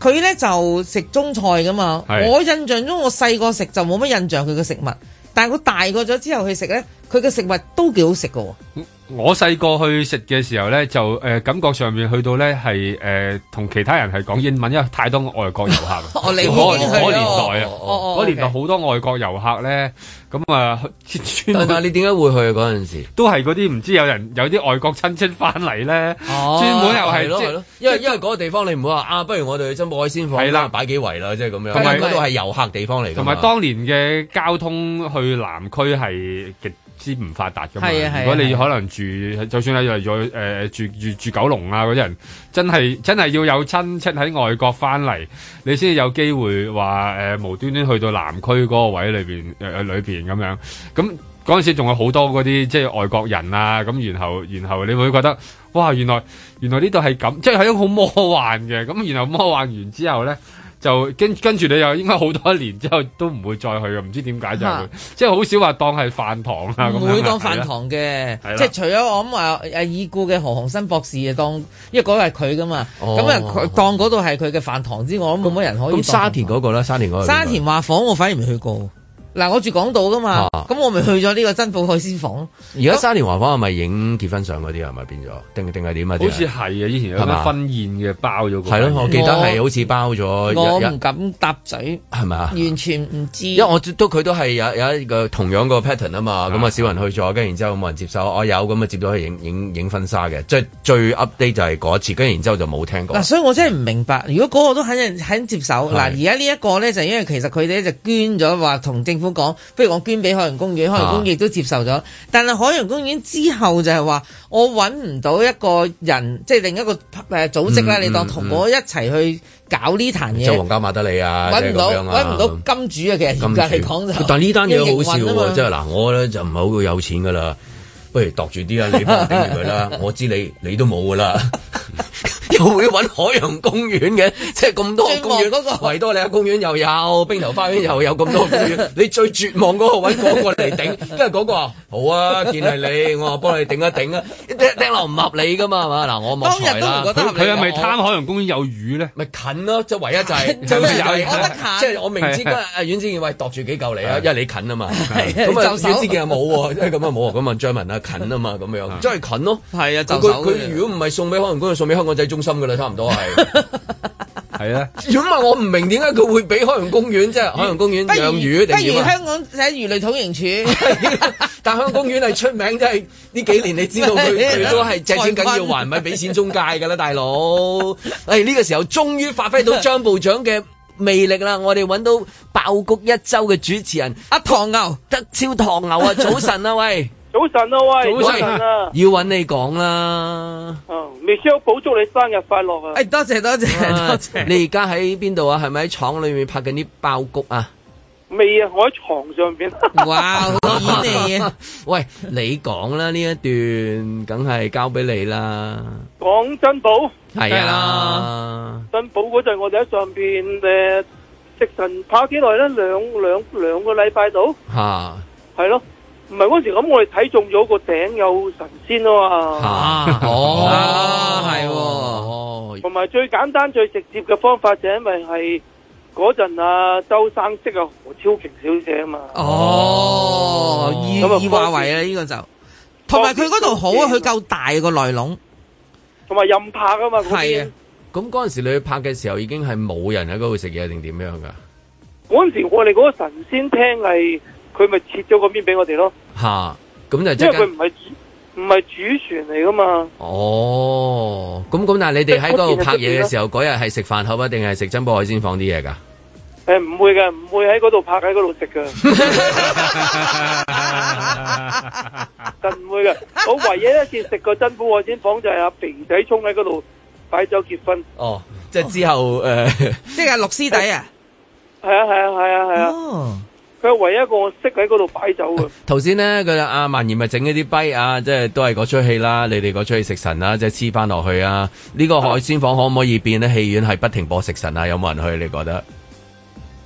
佢呢就食中菜噶嘛。是我印象中我細個食就冇乜印象佢嘅食物，但係我大個咗之後去食呢，佢嘅食物都幾好食嘅。嗯我細個去食嘅時候咧，就誒感覺上面去到咧係誒同其他人係講英文，因為太多外國遊客。我理解嗰年代啊，嗰年代好多外國遊客咧，咁啊專。但你點解會去嗰陣時？都係嗰啲唔知有人有啲外國親戚翻嚟咧，專門又係咯，係咯，因為因為嗰個地方你唔好話啊，不如我哋去珍寶海鮮舫擺幾圍啦，即係咁樣。同埋嗰度係遊客地方嚟嘅。同埋當年嘅交通去南區係極。先唔發達噶嘛，的如果你可能住就算係嚟在住住住，住九龍啊嗰啲人，真係真係要有親戚喺外國翻嚟，你先有機會話誒、呃、無端端去到南區嗰個位裏邊誒裏邊咁樣。咁嗰陣時仲有好多嗰啲即係外國人啊，咁然後然後你會覺得哇，原來原來呢度係咁，即係係一個好魔幻嘅咁。然後魔幻完之後咧。就跟跟住你又應該好多年之後都唔會再去，去啊！唔知點解就即係好少話當係飯堂啊，唔會當飯堂嘅，的即係除咗我諗話誒已故嘅何鴻燊博士當，因為嗰個係佢㗎嘛，咁啊、哦、當嗰度係佢嘅飯堂之外，我諗冇乜人可以、哦嗯沙。沙田嗰個咧，沙田嗰沙田畫舫我反而未去過。嗱，我住港島噶嘛，咁、啊、我咪去咗呢個珍寶海鮮舫。而家沙田畫舫係咪影結婚相嗰啲啊？係咪變咗，定定係點啊？好似係啊，是是以前係婚宴嘅包咗。係咯、啊，我記得係好似包咗我。我唔敢搭嘴，係咪啊？完全唔知，因為我都佢都係有有一個同樣個 pattern 啊嘛。咁啊，少人去咗，跟然後之後冇人接手，我有咁啊，接到去影影影婚紗嘅，即係最最 update 就係嗰一次，跟然後之後就冇聽過。嗱、啊，所以我真係唔明白，嗯、如果嗰個人都肯肯接手。嗱、啊，而家呢一個咧就因為其實佢哋就捐咗話同政府。講，不如我捐俾海洋公園，海洋公園亦都接受咗。啊、但係海洋公園之後就係話，我搵唔到一個人，即係另一個誒組織啦。嗯、你當同我一齊去搞呢罈嘢。即係皇家馬德里啊，搵、嗯、唔、嗯、到，搵唔到金主啊，其實而家嚟講就。但係呢單嘢好笑，即係嗱，我咧就唔係好有錢噶啦。不如度住啲啊，你幫我頂住佢啦！我知你你都冇噶啦， 又會揾海洋公園嘅，即係咁多公園嗰個維多利亞公園又有，冰頭花園又有咁多公園， 你最絕望嗰個揾嗰個嚟頂，跟住嗰個話好啊，見係你，我話幫你頂一頂啊，掟落唔合理噶嘛，係嘛？嗱，我冇錯啦，佢係咪貪海洋公園有魚咧？咪近咯，即唯一就係、是，即、就、係、是、 我明知今日阿阮之健話度住幾嚿嚟啊，因為你近啊嘛，咁啊，阮之健冇喎，即係咁啊冇啊，咁問張文啦。近啊嘛，咁樣真係近咯。係、嗯、她啊，佢佢如果唔係送俾海洋公園，送俾香港仔中心噶啦，差唔多係。係啊。如果唔係，我唔明點解佢會俾海洋公園？即係 海洋公園養魚，不如，不如香港仔魚類統營處。 但香港公園係出名，即係呢幾年，你知道佢 都係借錢緊要，還唔係俾錢中介噶啦，大佬。誒、哎、呢、這個時候終於發揮到張部長嘅魅力啦！我哋搵到爆谷一周嘅主持人阿、 啊、唐牛，得超唐牛啊！早晨啊，喂。早晨啊喂，早晨啊，要揾你講啦。哦，Michelle，補祝你生日快樂啊！哎，多謝多謝多謝。你而家喺邊度啊？係咪喺廠裏面拍緊啲爆谷啊？未啊，我喺床上邊。哇，好得意啊！喂，你講啦呢一段，梗係交俾你啦。講珍寶係啊，珍寶嗰陣我哋喺上邊誒，食神拍幾耐咧？兩兩兩個禮拜度吓，係咯。唔係嗰時咁，我哋睇中咗個頂有神仙啊嘛！吓哦，係哦，同埋最簡單最直接嘅方法就，因為係嗰陣啊，周生識啊何超瓊小姐啊嘛。哦，咁以華為啊，呢個就同埋佢嗰度好啊，佢夠大個內籠，同埋任拍啊嘛嗰邊。係啊，咁嗰陣時你去拍嘅時候，已經係冇人喺嗰度食嘢定點樣噶？嗰陣時我哋嗰個神仙廳係。佢咪切咗個面俾我哋咯。吓，咁就即係，因為佢唔係主唔係主船嚟噶嘛。哦，咁咁，但係你哋喺嗰度拍嘢嘅時候，嗰日係食飯好啊，定係食珍寶海鮮舫啲嘢噶？誒，唔會嘅，唔會喺嗰度拍喺嗰度食噶，更唔會嘅。我唯一一次食過珍寶海鮮舫就係阿肥仔冲喺嗰度擺酒結婚。哦，就之後誒，即係阿六師弟啊？係啊係啊係啊係啊。佢係唯一一個我識喺嗰度擺酒嘅。頭先咧，佢阿萬賢咪整嗰啲碑啊，啊即係都係嗰出戲啦。你哋嗰出戲食神啦，即係黐翻落去啊。呢、這個海鮮舫可唔可以變咧？戲院係不停播食神啊，有冇人去？你覺得？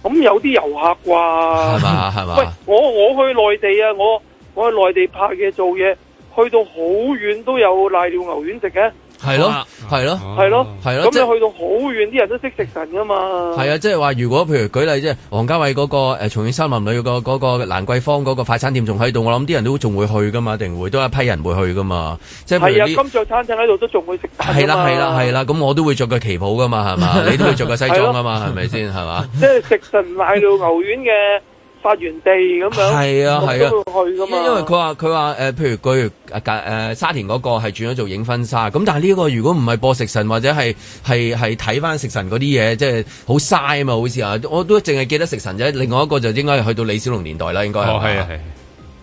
咁、嗯、有啲遊客啩？係嘛 ？係嘛？我我去內地啊，我我去內地拍嘢做嘢，去到好遠都有瀨尿牛丸食嘅。係咯，係咯，係咯，係咯。咁你去到好遠，啲人都識食神噶嘛？係啊，即係話，如果譬如舉例即啫，王家衛嗰個誒《重慶森林》個嗰個蘭桂坊嗰個快餐店仲喺度，我諗啲人都仲會去噶嘛，定會，都一批人會去噶嘛。即係譬如啲金雀餐廳喺度都仲會食。係啦，係啦，係啦。咁我都會着個旗袍噶嘛，係嘛？你都會着個西裝噶嘛，係咪先？係嘛？即係食神買到牛丸嘅。發源地咁樣，係啊係啊，啊去噶嘛。因為佢話佢話誒，譬如佢誒、呃、沙田嗰個係轉咗做影婚紗。咁但係呢個如果唔係播食神或者係係係睇翻食神嗰啲嘢，即係好嘥啊嘛，好似啊，我都淨係記得食神啫。另外一個就應該係去到李小龍年代啦，應該。哦，係啊吧，係。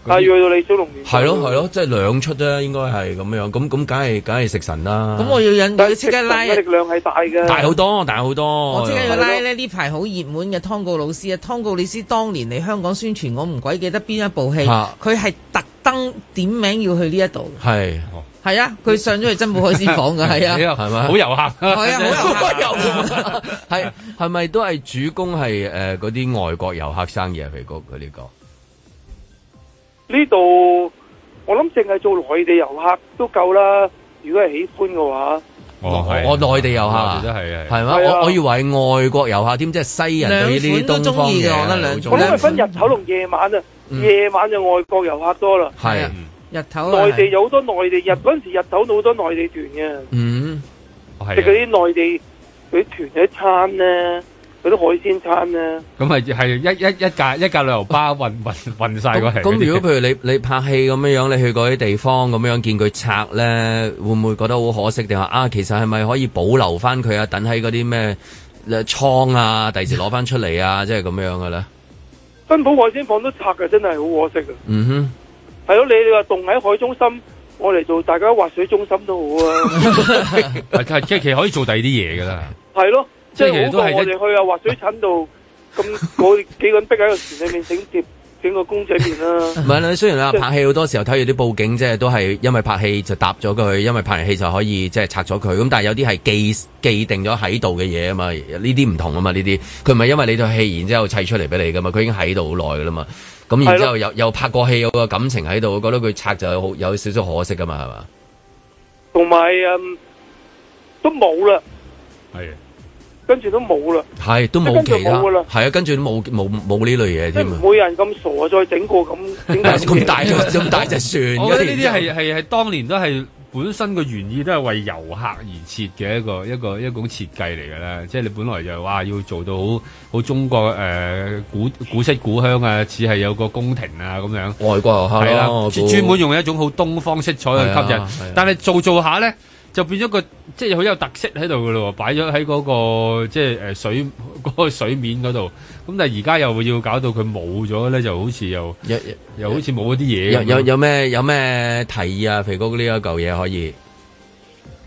係要去到李小龍，係咯係咯，即係兩出啫，應該係咁樣。咁咁，梗係梗係食神啦。咁我要引，但係即刻拉，力量係大嘅，大好多，大好多。我即刻要拉咧，呢排好熱門嘅湯告老師啊，湯告老師當年嚟香港宣傳，我唔鬼記得邊一部戲，佢係特登點名要去呢一度。係係啊，佢上咗去珍寶海鮮舫噶，係啊，係嘛，好遊客，係啊，好遊客，係係咪都係主攻係誒嗰啲外國遊客生意啊？肥哥佢呢個。呢度我諗淨係做內地遊客都夠啦，如果係喜歡嘅話，哦，啊、我內地遊客都係，係嘛，我我以為外國遊客添，即係西人對呢啲東方嘢，兩種兩種我諗係分日頭同夜晚啊，嗯、夜晚就外國遊客多啦，係啊，日頭內地有好多內地日嗰陣時日頭好多內地團嘅，嗯，食嗰啲內地佢團一餐咧，嗰啲海鮮餐咧，咁咪係一一一架一架旅遊巴運運運晒過嚟。咁、嗯嗯嗯嗯、如果譬如你你拍戲咁樣樣，你去嗰啲地方咁樣見佢拆咧，會唔會覺得好可惜？定話啊，其實係咪可以保留翻佢啊？等喺嗰啲咩倉啊，第時攞翻出嚟啊，即係咁樣嘅啦？分寶 海鮮房都拆嘅，真係好可惜嘅。嗯哼，係咯，你你話棟喺海中心，我嚟做大家滑水中心都好啊。係， 其實可以做第二啲嘢噶啦。係 咯。即係其實都係我哋去啊，滑水艇度咁，我哋幾個人逼喺個船裏面整疊整個公仔麵啦。唔係啦，雖然啊是拍戲好多時候睇住啲布景，即係都係因為拍戲就搭咗佢，因為拍完戲就可以即係拆咗佢。咁但係有啲係既既定咗喺度嘅嘢啊嘛，呢啲唔同啊嘛呢啲。佢唔係因為你套戲，然之後砌出嚟俾你噶嘛，佢已經喺度好耐噶啦嘛。咁然之後又的又拍過戲有個感情喺度，覺得佢拆就好有少少可惜噶嘛，係嘛？同埋嗯，都冇啦，係。 跟住都冇啦，係都冇其他，係啊，跟住都冇冇冇呢類嘢添啊！冇人咁傻，再整過咁，整咁大咁大隻船。我覺得呢啲係係係當年都係本身個原意都係為遊客而設嘅一個一個一種設計嚟嘅咧。即係你本來就係哇，要做到好好中國誒古古色古香啊，似係有個宮廷啊咁樣。外國遊客啦，專專門用一種好東方色彩去吸引，但係做做下咧。就變咗個即係好有特色喺度噶咯，擺咗喺嗰個即係誒水嗰個水面嗰度。咁但係而家又要搞到佢冇咗咧，就好似又又又好似冇嗰啲嘢。有有有咩有咩提議啊？肥哥呢一嚿嘢可以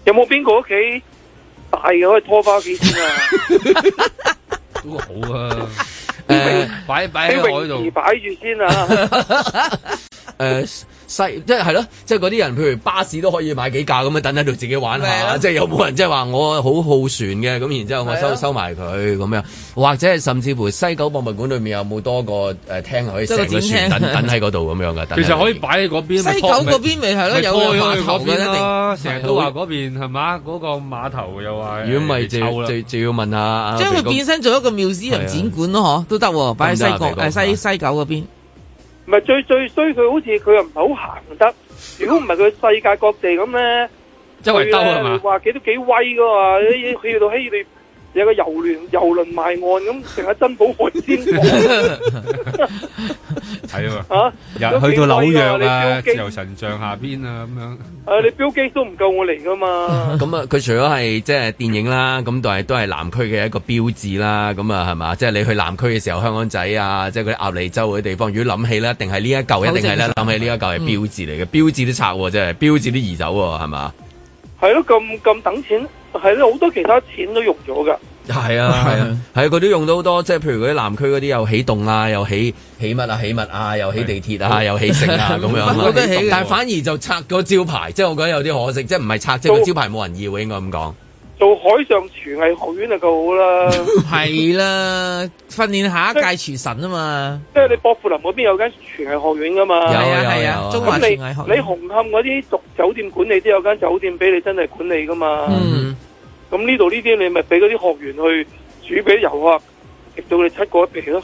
有冇邊個屋企大嘅可以拖翻屋企先啊？都好啊！擺擺喺我度擺住先啊！誒。西即係咯，即係嗰啲人，譬如巴士都可以買幾架咁樣等喺度自己玩下，即係有冇人即係話我好好船嘅咁，然之後我收收埋佢咁樣，或者係甚至乎西九博物館裏面有冇多個誒廳可以成個船等等喺嗰度咁樣噶？其實可以擺喺嗰邊。西九嗰邊咪係咯，有個碼頭嘅咯。成日都話嗰邊係嘛，嗰個碼頭又話。如果唔係，就就要問下。將佢變身做一個 museum 展館咯，嗬，都得擺喺西角西西九嗰邊。唔係最最衰，佢好似佢又唔係好行得。如果唔係佢世界各地咁咧，周圍兜係嘛？話佢都幾威噶喎，呢呢呢啲都有個遊輪，遊輪賣，賣岸咁，成日珍寶海鮮，係啊，吓，去到紐約啊，啊自由神像下邊啊，咁樣，誒、啊，你標機都唔夠我嚟噶嘛咁啊， 佢除咗係即係電影啦，咁但係都係南區嘅一個標誌啦，咁啊係嘛？即係你去南區嘅時候，香港仔啊，即係嗰啲鴨脷洲嗰啲地方，如果諗起咧，定係呢一嚿，一定係咧諗起呢一嚿係標誌嚟嘅，標誌都拆喎，即係標誌都移走喎，係嘛？係咯，咁咁等錢，係咯，好多其他錢都用咗噶。係啊，係啊，係， 佢都用到好多，即係譬如嗰啲南區嗰啲又起棟啊，又起 起乜啊，起乜啊，又起地鐵啊， 又起城啊咁樣 但係反而就拆個招牌，即係我覺得有啲可惜，即係唔係拆，即係個招牌冇人要，應該咁講。做海上廚藝學院就夠好 啦，係啦，訓練下一屆廚神啊嘛！即係你博富林嗰邊有間廚藝學院噶嘛？係啊，係啊。咁你你紅磡嗰啲讀酒店管理都有間酒店俾你真係管理噶嘛？嗯。咁呢度呢啲你咪俾嗰啲學員去煮俾遊客。接到你出過一期咯，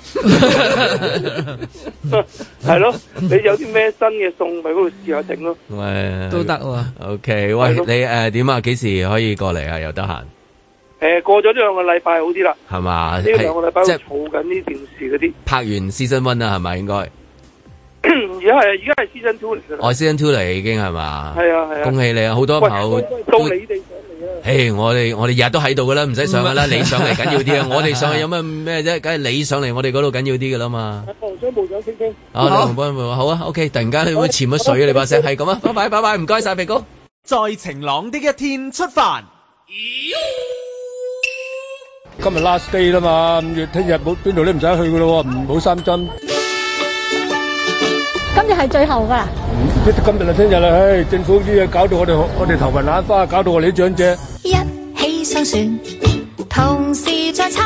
係咯，你有啲咩新嘅餸咪嗰度試下整咯，都得喎。OK，喂，你誒點啊？幾時可以過嚟啊？又得閒？誒過咗呢兩個禮拜好啲啦，係嘛？呢兩個禮拜即係做緊呢件事嗰啲拍完 season one 啦，係咪應該？而家係，而家係 season two 嚟。我係 season two 嚟，已經係嘛？係啊，係啊。恭喜你啊，好多朋友到你哋上嚟啦。誒，我哋我哋日日都喺度噶啦，唔使上去啦。你上嚟緊要啲啊，我哋上去有咩咩啫？梗係你上嚟，我哋嗰度緊要啲噶啦嘛。黃生冇掌聲聽。啊，黃生冇好啊。OK，突然間你會潛咗水啊？你把聲係咁啊！拜拜拜拜，唔該晒，鼻哥。在晴朗的一天出發。今日 last day 啦嘛，五月聽日冇邊度都唔使去噶咯，唔好三針。今，今日係最後噶啦！今日就聽日啦，唉，政府啲嘢搞到我哋，我哋頭暈眼花，搞到我哋啲長者。一起上船，同時再撐，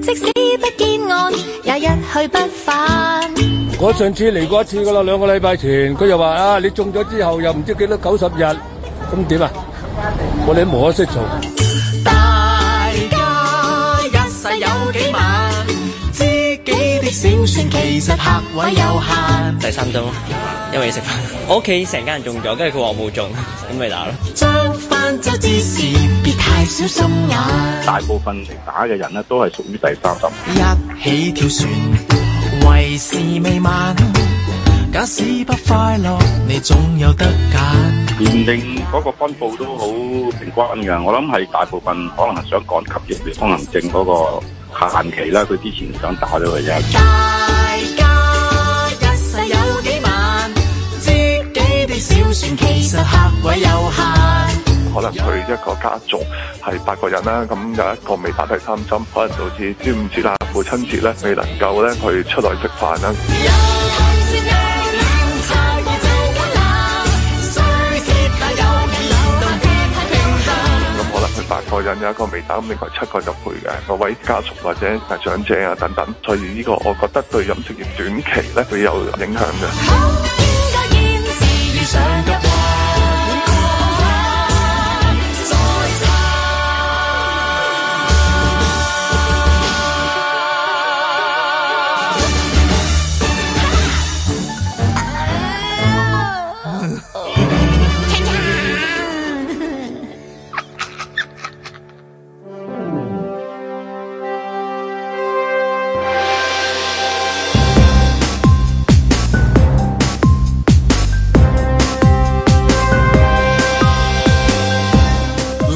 即使不見岸，也一去不返。我上次嚟過一次噶啦，兩個禮拜前，佢又話啊，你中咗之後又唔知幾多九十日，咁點啊？我哋冇所適做。」其實客位有限，第三種，因為要食飯。我屋企成家人中咗，跟住佢話我冇中，咁咪打咯。將翻執字事，別太小心眼。大部分嚟打嘅人呢，都係屬於第三種。一起跳船，為時未晚。假使不快樂，你總有得揀。年齡嗰個分布都好平均噶，我諗係大部分可能係想趕及疫苗通行證嗰個。限期啦，佢之前想打咗佢啫。家一有幾自己小，其實客位有限，可能佢一個家族係八個人啦，咁有一個未打第三針，可能導致端午節啦、父親節咧，未能夠咧去出來食飯啦。 個人有一個未打，另外七個入去嘅個位家屬或者長者啊等等，所以呢個我覺得對飲食業短期咧會有影響嘅。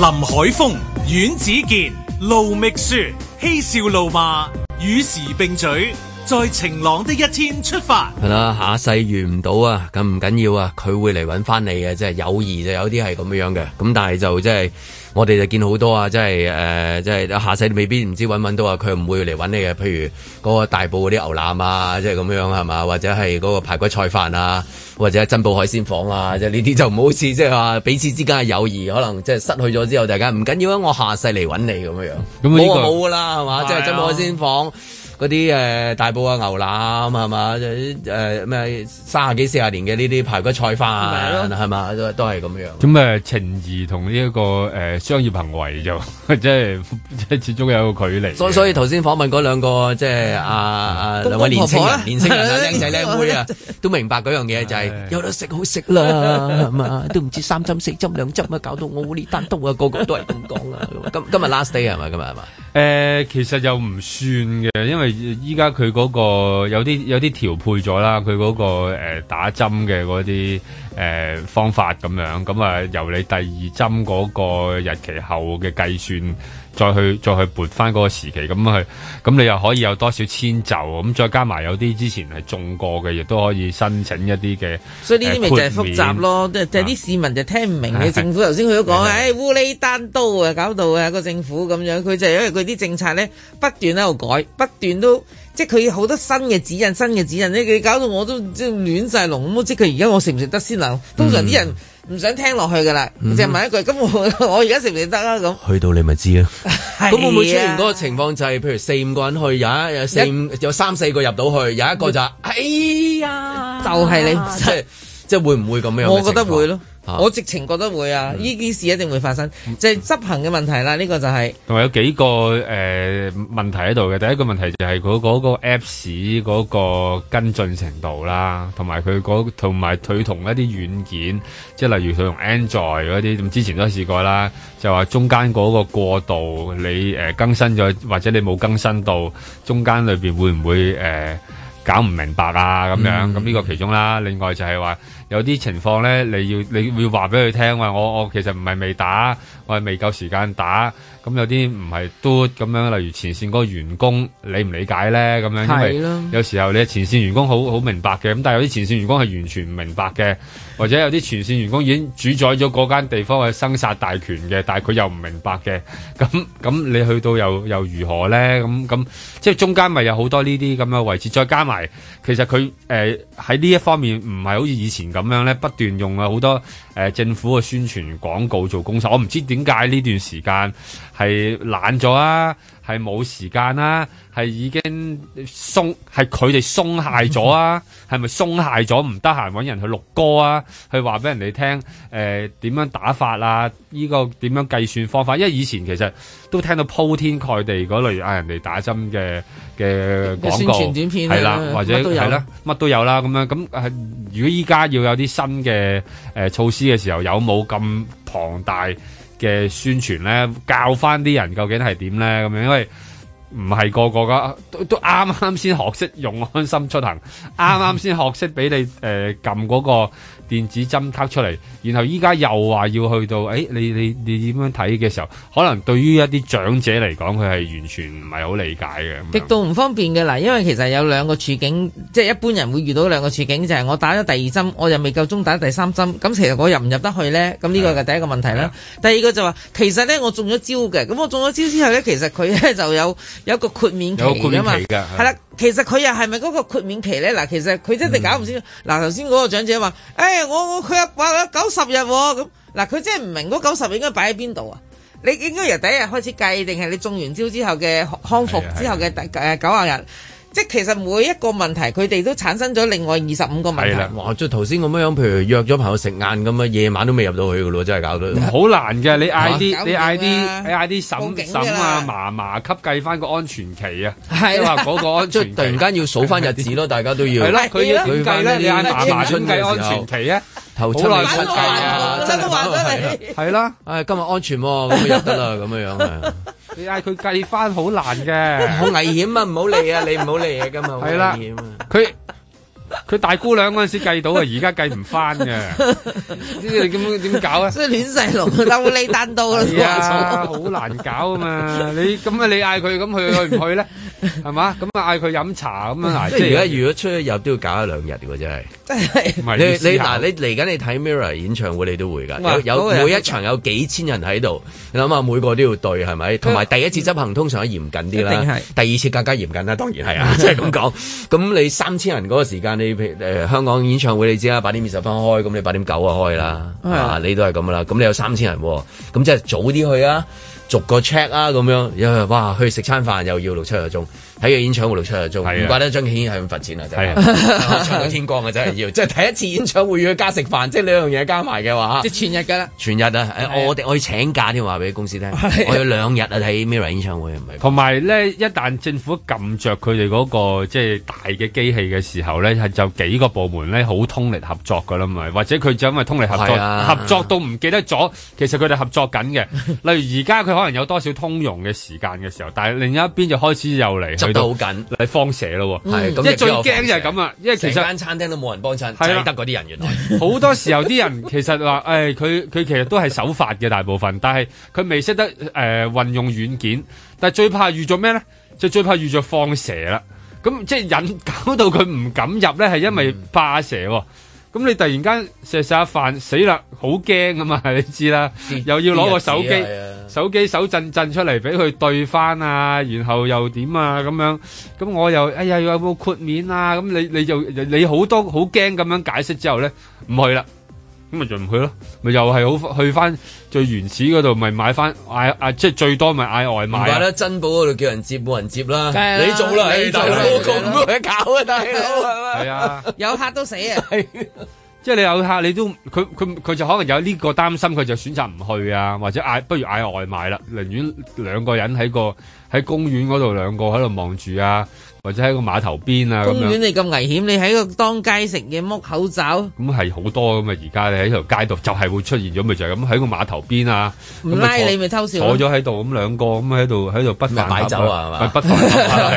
林海峰、阮子健、盧覓雪、嬉笑怒罵，與時並舉。在晴朗的一天出發，係啦，下世遇唔到啊，咁唔緊要啊，佢會嚟揾翻你嘅，即係友誼就有啲係咁樣嘅。咁但係就即係我哋就見好多啊，即係誒、呃，即係下世未必唔知揾唔揾到啊，佢唔會嚟揾你嘅。譬如嗰個大埔嗰啲牛腩啊，即係咁樣樣係嘛？或者係嗰個排骨菜飯啊，或者珍寶海鮮舫啊，即係呢啲就唔好似即係話彼此之間嘅友誼可能即係失去咗之後，大家唔緊要啊，我下世嚟揾你咁樣樣，冇、嗯、就冇噶啦，係嘛這，即係、啊、珍寶海鮮舫。嗰啲誒大埔啊、牛腩啊，係嘛？誒、呃、咩三廿幾、四十年嘅呢啲排骨菜花是啊，係嘛？都都係咁樣、嗯。咁、嗯、誒、嗯、情義同呢一個誒、呃、商業行為就即係即係始終有個距離所。所所以頭先訪問嗰兩個即係阿阿兩位年青人、年青人啊、靚仔靚妹啊，都明白嗰樣嘢就係、是、 有得食好食啦，係嘛？都唔知三針四針兩針，咪搞到我呢單都啊，個個，個都係咁講啦。今今日 last day 係咪今日係嘛？誒、呃、其實又唔算嘅，因為依家佢嗰個有啲有啲調配咗啦，佢嗰、嗰個、呃、打針嘅嗰啲誒方法咁樣，咁、呃、啊由你第二針嗰個日期後嘅計算。再去再去撥翻嗰個時期咁去，咁你又可以有多少遷就？咁再加埋有啲之前係種過嘅，亦都可以申請一啲嘅。所以呢啲咪就係複雜咯，即係啲市民就聽唔明嘅。啊、政府頭先佢都講，誒是、哎、烏鴉單刀啊，搞到啊個政府咁樣。佢就係因為佢啲政策咧不斷喺度改，不斷都即係佢好多新嘅指引、新嘅指引咧，佢搞到我都即係亂曬龍。咁即係佢而家我食唔食得先啦？通常啲人。嗯嗯唔想聽落去㗎喇，淨係、嗯、哼問一句，咁我我而家食唔食得啦、啊？」咁去到你咪知咯。咁、 啊、會唔會出現嗰個情況，就係、是、譬如四五個人去，有有四五一有三四個入到去，有一個就係，一哎呀，就係你。即係會唔會咁樣？我覺得會咯，我直情覺得會啊！呢件事一定會發生，即係執行嘅問題啦。呢個就係同埋有幾個誒問題喺度嘅。第一個問題就係佢嗰個 Apps 嗰個跟進程度啦，同埋佢嗰同埋佢同一啲軟件，即係例如佢用 Android 嗰啲，咁之前都試過啦。就話中間嗰個過渡，你誒更新咗或者你冇更新到中間裏邊會唔會誒搞唔明白啊咁樣？咁呢個其中啦。另外就係話。有啲情況咧，你要你要話俾佢聽，喂，我我其實唔係未打，我係未夠時間打。咁、嗯、有啲唔係都咁樣，例如前線個員工，理唔理解咧咁樣，因為有時候你前線員工好好明白嘅，咁但係有啲前線員工係完全唔明白嘅，或者有啲前線員工已經主宰咗嗰間地方嘅生殺大權嘅，但係佢又唔明白嘅。咁、嗯、咁、嗯、你去到又又如何咧？咁、嗯、咁、嗯、即係中間咪有好多呢啲咁嘅位置，再加埋其實佢誒喺呢一方面唔係好似以前。咁樣咧，不斷用啊好多誒、呃、政府嘅宣傳廣告做攻勢，我唔知點解呢段時間係懶咗啊！係冇時間啦、啊，係已經鬆，係佢哋鬆懈咗啊！係咪鬆懈咗？唔得閒揾人去錄歌啊，去話俾人哋聽，誒、呃、點樣打法啊？呢、呢個點樣計算方法？因為以前其實都聽到鋪天蓋地嗰類嗌、啊、人哋打針嘅嘅廣告，係啦，什麼 或者係啦，乜都有啦咁樣。咁係如果依家要有啲新嘅誒、呃、措施嘅時候，有冇咁龐大嘅宣傳咧，教翻啲人究竟係點咧，咁樣呢？因為唔係個個都都啱啱先學識用安心出行，啱啱先學識俾你誒撳嗰個。電子針卡出嚟，然後依家又話要去到，誒、哎、你你你點樣睇嘅時候，可能對於一啲長者嚟講，佢係完全唔係好理解嘅，極度唔方便嘅喇。因為其實有兩個處境，即係一般人會遇到兩個處境，就係、是、我打咗第二針，我又未夠鐘打第三針，咁其實我入唔入得去呢？咁、這、呢個係第一個問題啦。的第二個就話，其實呢，我中咗招嘅，咁我中咗招之後呢，其實佢咧就有有一個豁免期啊係啦，其實佢又係咪嗰個豁免期呢？嗱，其實佢真係搞唔清楚。嗱、嗯，頭先嗰個長者話，哎哎我我佢又話有九十日咁、哦，嗱，佢真係唔明九十日應該擺喺邊度啊？你應該由第一日開始計，定係你中完招之後嘅康復之後嘅第誒九十日？即係其實每一個問題，佢哋都產生咗另外二十五個問題。係啦，哇！即係頭先咁樣，譬如約咗朋友食晏咁啊，夜晚都未入到去㗎咯，真係搞到好難嘅。你嗌啲，你嗌啲，你嗌啲嬸嬸啊、嫲嫲，給計翻個安全期啊。係話嗰個安全期，即係突然間要數翻日子咯，大家都要。係咯，佢佢計咧，嗌嫲嫲出計安全期啊，頭出嚟都難啊，真都難得你。係啦，唉，今日安全喎，咁就入得啦，咁樣樣啊。你嗌佢計翻好難嘅，好危險啊！唔好嚟啊，你唔好嚟啊，咁啊，好危險啊！佢佢大姑娘嗰陣時計到啊，而家計唔翻嘅，咁點搞啊？所以亂細路，流利單刀啦。係啊，好難搞啊嘛！你咁啊，你嗌佢咁，去去唔去咧？係嘛？咁啊，嗌佢飲茶咁樣。即係而家，如果出去又都要搞一兩日嘅真係。你你嗱，你嚟緊你睇 Mirror 演唱會，你都會噶。有有每一場有幾千人喺度，你諗下每個都要對係咪？同埋第一次執行通常都嚴謹啲啦，定係第二次更加嚴謹啦，當然係啊，即係咁講。咁你三千人嗰個時間，你誒香港演唱會你知啦，八點二十分開，咁你八點九啊開啦。啊，你都係咁噶啦。咁你有三千人，咁即係早啲去啊。逐個 check 啊咁樣，因為哇去食餐飯又要六七個鐘。睇嘅演唱會度出嚟做，唔怪得張敬軒係咁罰錢啦，真係唱到天光嘅，真係要，即係睇一次演唱會要加食飯，即係兩樣嘢加埋嘅話，即係全日噶啦，全日啊！我哋我要請假添，話俾公司聽，我有兩日啊睇 Mirror 演唱會，唔係同埋咧，一旦政府撳着佢哋嗰個即係大嘅機器嘅時候咧，係就幾個部門咧好通力合作㗎啦嘛，或者佢就因為通力合作，合作到唔記得咗，其實佢哋合作緊嘅，例如而家佢可能有多少通融嘅時間嘅時候，但係另一邊就開始又嚟。嚟得好緊嚟放蛇咯喎，係、嗯，最驚就係咁啊，嗯、因為其實間餐廳都冇人幫襯，就得嗰啲人原來，好多時候啲人其實話，誒、 哎，佢佢其實都係手法嘅大部分，但係佢未識得誒運、呃、用軟件，但係最怕遇咗咩咧？就最怕遇咗放蛇啦，咁即係引搞到佢唔敢入咧，係因為怕蛇。嗯咁你突然間食食下飯死啦，好驚啊嘛！你知啦，是又要攞個手機，手機手震震出嚟俾佢對翻啊，然後又點啊咁樣？咁我又哎呀，有冇豁免啊？咁你你就你好多好驚咁樣解釋之後咧，唔去啦。咁咪就唔去咯，咪又係好去翻最原始嗰度，咪買翻嗌啊，即係最多咪嗌外賣、啊。點解珍寶嗰度叫人接冇人接啦，啊、你做啦，你做啦，你做啦搞啊大佬係啊，有客都死啊，即係、就是、你有客你都佢佢佢就可能有呢個擔心，佢就選擇唔去啊，或者嗌不如嗌外賣啦，寧願兩個人喺個喺公園嗰度兩個喺度望住啊。或者喺個碼頭邊啊，公園你咁危險，你喺個當街食嘢剝口罩，咁係好多咁啊！而家你喺條街度就係會出現咗，咪就係咁喺個碼頭邊啊！唔拉你咪偷笑，坐咗喺度咁兩個咁喺度喺度不擺酒啊，係嘛？不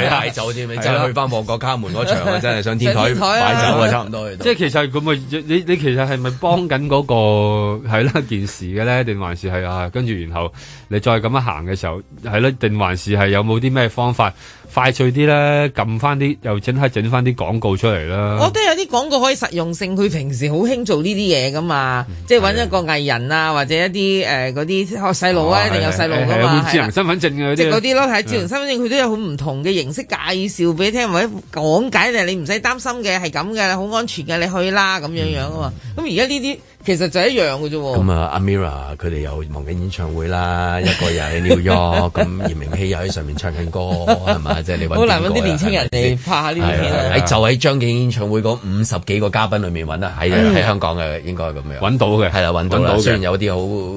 擺酒先咪就去翻旺角卡門嗰場啊！真係上天台擺酒差唔多。即係其實咁啊，你你其實係咪幫緊嗰個係咯件事嘅咧，定還是係啊？跟住然後你再咁樣行嘅時候係咯，定還是係有冇啲咩方法？快脆啲啦，撳翻啲又整下整翻啲廣告出嚟啦。我覺得有啲廣告可以實用性，佢平時好興做呢啲嘢噶嘛，嗯、即係搵一個藝人啊，的或者一啲誒嗰啲學細路啊，哦、一定有細路噶嘛。有智能身份證嘅嗰啲，即係啲咯，係智能身份證，佢都有好唔同嘅形式介紹俾你聽，或者講解咧，你唔使擔心嘅，係咁嘅，好安全嘅，你去啦咁樣樣啊嘛。咁而家呢啲。其實就一樣嘅啫。咁啊，阿 Mira 佢哋又忙緊演唱會啦，一個人喺 New York，咁葉明熙又喺上面唱緊歌，係嘛？即係你好難揾啲年輕人嚟拍下呢啲片。喺就喺張敬演唱會嗰五十幾個嘉賓裏面揾得喺喺香港嘅，應該咁樣。揾到嘅係啦，揾到啦。雖然有啲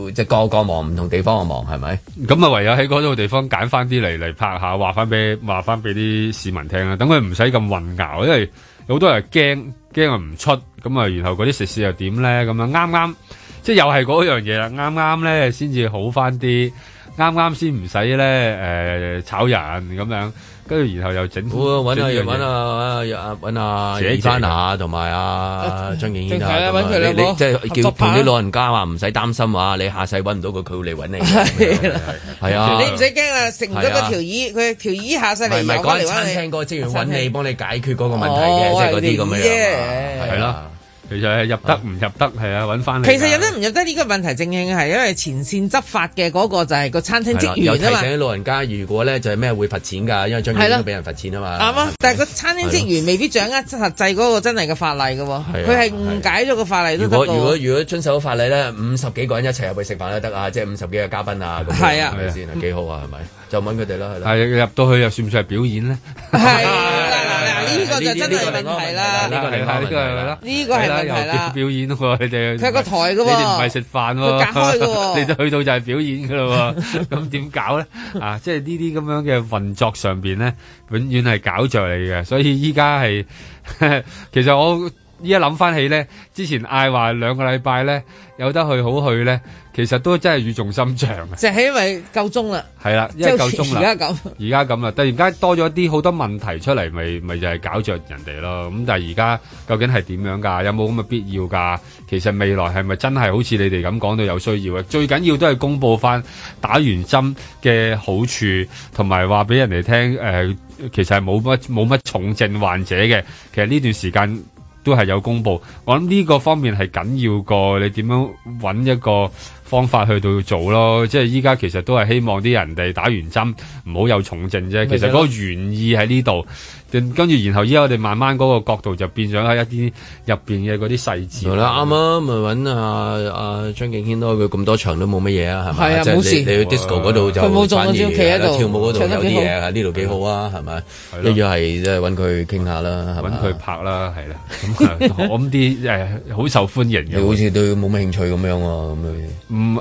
好，即係個個忙，唔同地方嘅忙，係咪？咁啊，唯有喺嗰度地方揀翻啲嚟嚟拍下，話翻俾話翻俾啲市民聽啊！等佢唔使咁混淆，因為好多人驚驚佢唔出。咁啊，然後嗰啲食肆又點咧？咁樣啱啱即係又係嗰樣嘢啦，啱啱咧先至好翻啲，啱啱先唔使咧誒炒人咁樣，跟住然後又整，揾下又揾下，又啊揾下，整下同埋啊張敬軒。正解啊，揾佢你，母，即係叫叫啲老人家話唔使擔心話，你下世揾唔到個佢嚟揾你。係係係啊！你唔使驚啊，食唔到嗰條魚，佢條魚下世嚟。唔係唔係，嗰間餐廳個職員揾你幫你解決嗰個問題嘅，即係嗰啲咁樣啊，係咯。其實係入得唔入得係啊，揾翻其實入得唔入得呢個問題正正係因為前線執法嘅嗰個就係個餐廳職員啊嘛。又提醒啲老人家，如果咧就係咩會罰錢噶，因為張卡都俾人罰錢啊嘛。啱啊，但係個餐廳職員未必掌握實際嗰個真係嘅法例噶，佢係誤解咗個法例都得。如果如果遵守法例咧，五十幾個人一齊入去食飯都得啊，即係五十幾個嘉賓啊，係啊，係咪先啊？幾好啊，係咪？就問佢哋啦，係啦。係入到去又算唔算係表演咧？係啦，嗱嗱，呢個就真係問題啦。呢個係啦，呢個係啦。呢個係啦，又表演喎佢哋。睇個台嘅喎，你哋唔係食飯喎，你哋去到就係表演嘅啦。咁點搞咧？啊，即係呢啲咁樣嘅運作上邊咧，永遠係搞著你嘅。所以依家係，其實我。依家諗翻起咧，之前嗌話兩個禮拜咧有得去好去咧，其實都真係語重心長啊！即係因為夠鐘啦，係啦， 一夠鐘啦，而家咁啦，突然間多咗啲好多問題出嚟，咪咪就係、就是、搞着人哋咯。咁但係而家究竟係點樣噶？有冇咁嘅必要噶？其實未來係咪真係好似你哋咁講到有需要嘅？最緊要都係公布翻打完針嘅好處，同埋話俾人哋聽，誒、呃，其實係冇乜冇乜重症患者嘅。其實呢段時間。都係有公布，我諗呢個方面係緊要過你點樣揾一個方法去到做咯，即係依家其實都係希望啲人哋打完針唔好有重症啫，其實嗰個原意喺呢度。跟住，然後依家我哋慢慢嗰個角度就變咗喺一啲入邊嘅嗰啲細節。係啦，啱啱咪揾阿阿張敬軒咯，佢咁多場都冇乜嘢啊，係咪？係啊，冇事。你去 Disco 嗰度就冇做企喺度跳舞嗰度有啲嘢，呢度幾好啊，係咪？一樣係即係揾佢傾下啦，揾佢拍啦，係啦。咁啲誒好受歡迎嘅。你好似都冇乜興趣咁樣喎，咁樣。唔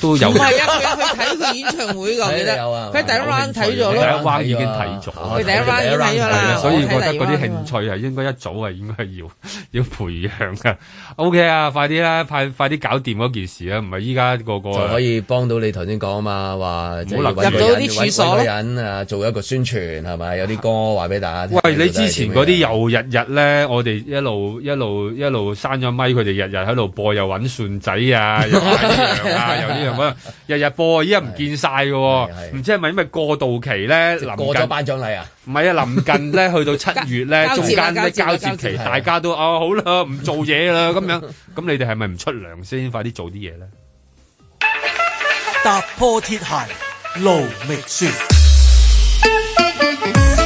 都有。係啊，佢去睇佢演唱會噶，記得佢第一 round 睇咗，第一 round 已經睇咗，佢第一 round 已經睇咗。所以覺得嗰啲興趣係應該一早係應該係要要培養噶。O K 啊，快啲啦，快快啲搞掂嗰件事啊。唔係依家個個就可以幫到你頭先講啊嘛，話入到啲處所，引啊做一個宣傳，係咪？有啲歌話俾大家聽。喂，你之前嗰啲又日日咧，我哋一路一路一路閂咗咪，佢哋日日喺度播，又揾船仔啊，又呢樣啊，又呢樣日日播，依家唔見晒噶，唔知係咪因為過渡期咧？過咗頒獎禮啊！唔係啊！臨近咧，去到七月咧， 啦中間啲交，交接期，啊、大家都啊、哦、好啦，唔做嘢啦咁樣。咁、嗯、你哋係咪唔出糧先，快啲做啲嘢咧？踏破鐵鞋無覓處。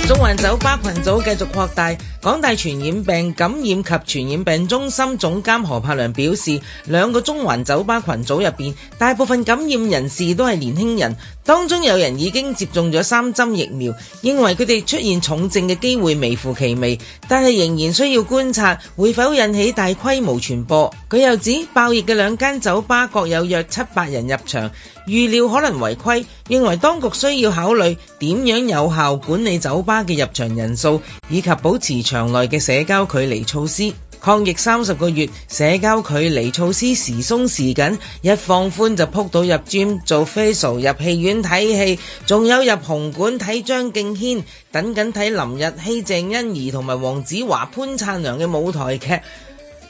中環酒吧群組繼續擴大。港大傳染病感染及傳染病中心總監何柏良表示，兩個中環酒吧群組入邊，大部分感染人士都係年輕人。當中有人已經接種咗三針疫苗，認為佢哋出現重症嘅機會微乎其微，但係仍然需要觀察會否引起大規模傳播。佢又指爆熱嘅兩間酒吧各有約七百人入場，預料可能違規，認為當局需要考慮點樣有效管理酒吧嘅入場人數，以及保持場內嘅社交距離措施。抗疫三十個月，社交距離措施時鬆時緊，一放寬就撲到入 gym 做 facial，入戲院睇戲，仲有入紅館睇張敬軒，等緊睇林日曦、鄭欣宜同埋黃子華、潘燦良嘅舞台劇。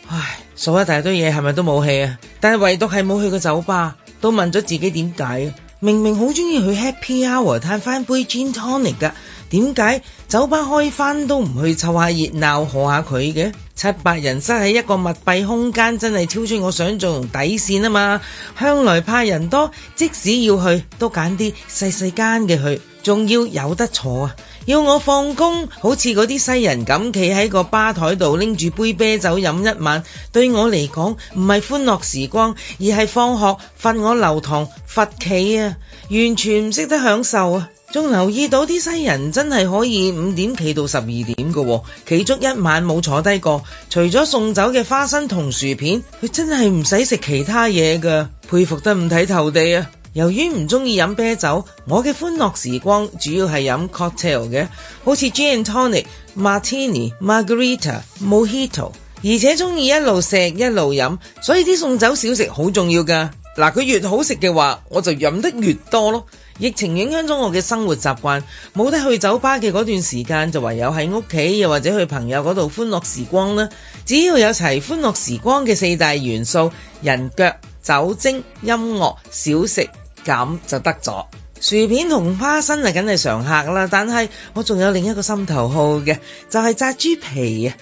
唉，數一大堆嘢，係咪都冇戲啊？但係唯獨係冇去過酒吧，都問咗自己點解？明明好鍾意去 Happy Hour 嘆翻杯 gin tonic 㗎，點解酒吧開翻都唔去湊下熱鬧賀下佢嘅？七百人塞喺一個密閉空間，真係超出我想象底線啊嘛！向來怕人多，即使要去都揀啲細細間嘅去，仲要有得坐啊！要我放工，好似嗰啲西人咁企喺個吧台度拎住杯啤酒飲一晚，對我嚟講唔係歡樂時光，而係放學罰我留堂罰企啊！完全唔識得享受啊！仲留意到啲西人真係可以五點企到十二點嘅，哦，其中一晚冇坐低過。除咗送酒嘅花生同薯片，佢真係唔使食其他嘢噶，佩服得五體投地啊！由於唔中意飲啤酒，我嘅歡樂時光主要係飲 cocktail 嘅，好似 gin tonic Mart、martini、margarita、mojito，而且中意一路食一路飲，所以啲送酒小食好重要噶。嗱，佢越好食嘅話，我就飲得越多咯。疫情影響咗我嘅生活習慣，冇得去酒吧嘅嗰段時間，就唯有喺屋企，又或者去朋友嗰度歡樂時光啦。只要有齊歡樂時光嘅四大元素：人、腳、酒精、音樂、小食，咁就得咗。薯片同花生係，梗係常客啦。但係我仲有另一個心頭好嘅，就係炸豬皮啊！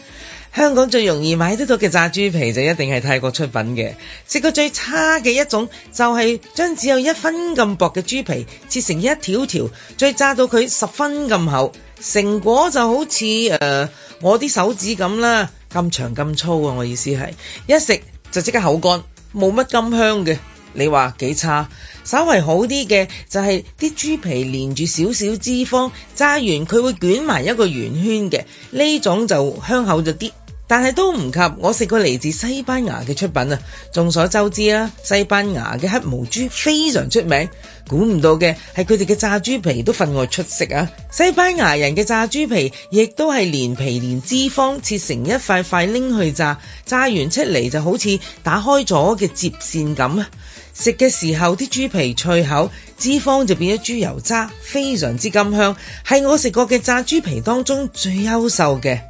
香港最容易買得到嘅炸豬皮就一定係泰國出品嘅。食過最差嘅一種就係、是、將只有一分咁薄嘅豬皮切成一條條，再炸到佢十分咁厚，成果就好似誒、呃、我啲手指咁啦，咁長咁粗啊！我意思係一食就即刻口乾，冇乜咁香嘅，你話幾差？稍為好啲嘅就係啲豬皮連住少少脂肪，炸完佢會捲埋一個圓圈嘅，呢種就香口就啲。但係都唔及我食過嚟自西班牙嘅出品啊！眾所周知啦，西班牙嘅黑毛豬非常出名，估唔到嘅係佢哋嘅炸豬皮都分外出色啊！西班牙人嘅炸豬皮亦都係連皮連脂肪切成一塊塊拎去炸，炸完出嚟就好似打開咗嘅折扇咁啊！食嘅時候啲豬皮脆口，脂肪就變咗豬油渣，非常之甘香，係我食過嘅炸豬皮當中最優秀嘅。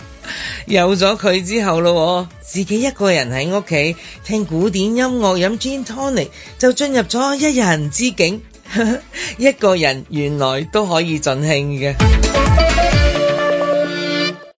有咗佢之後咯，自己一個人喺屋企聽古典音樂飲 Gin tonic，就進入咗一人之境。 一個人原來都可以盡興嘅。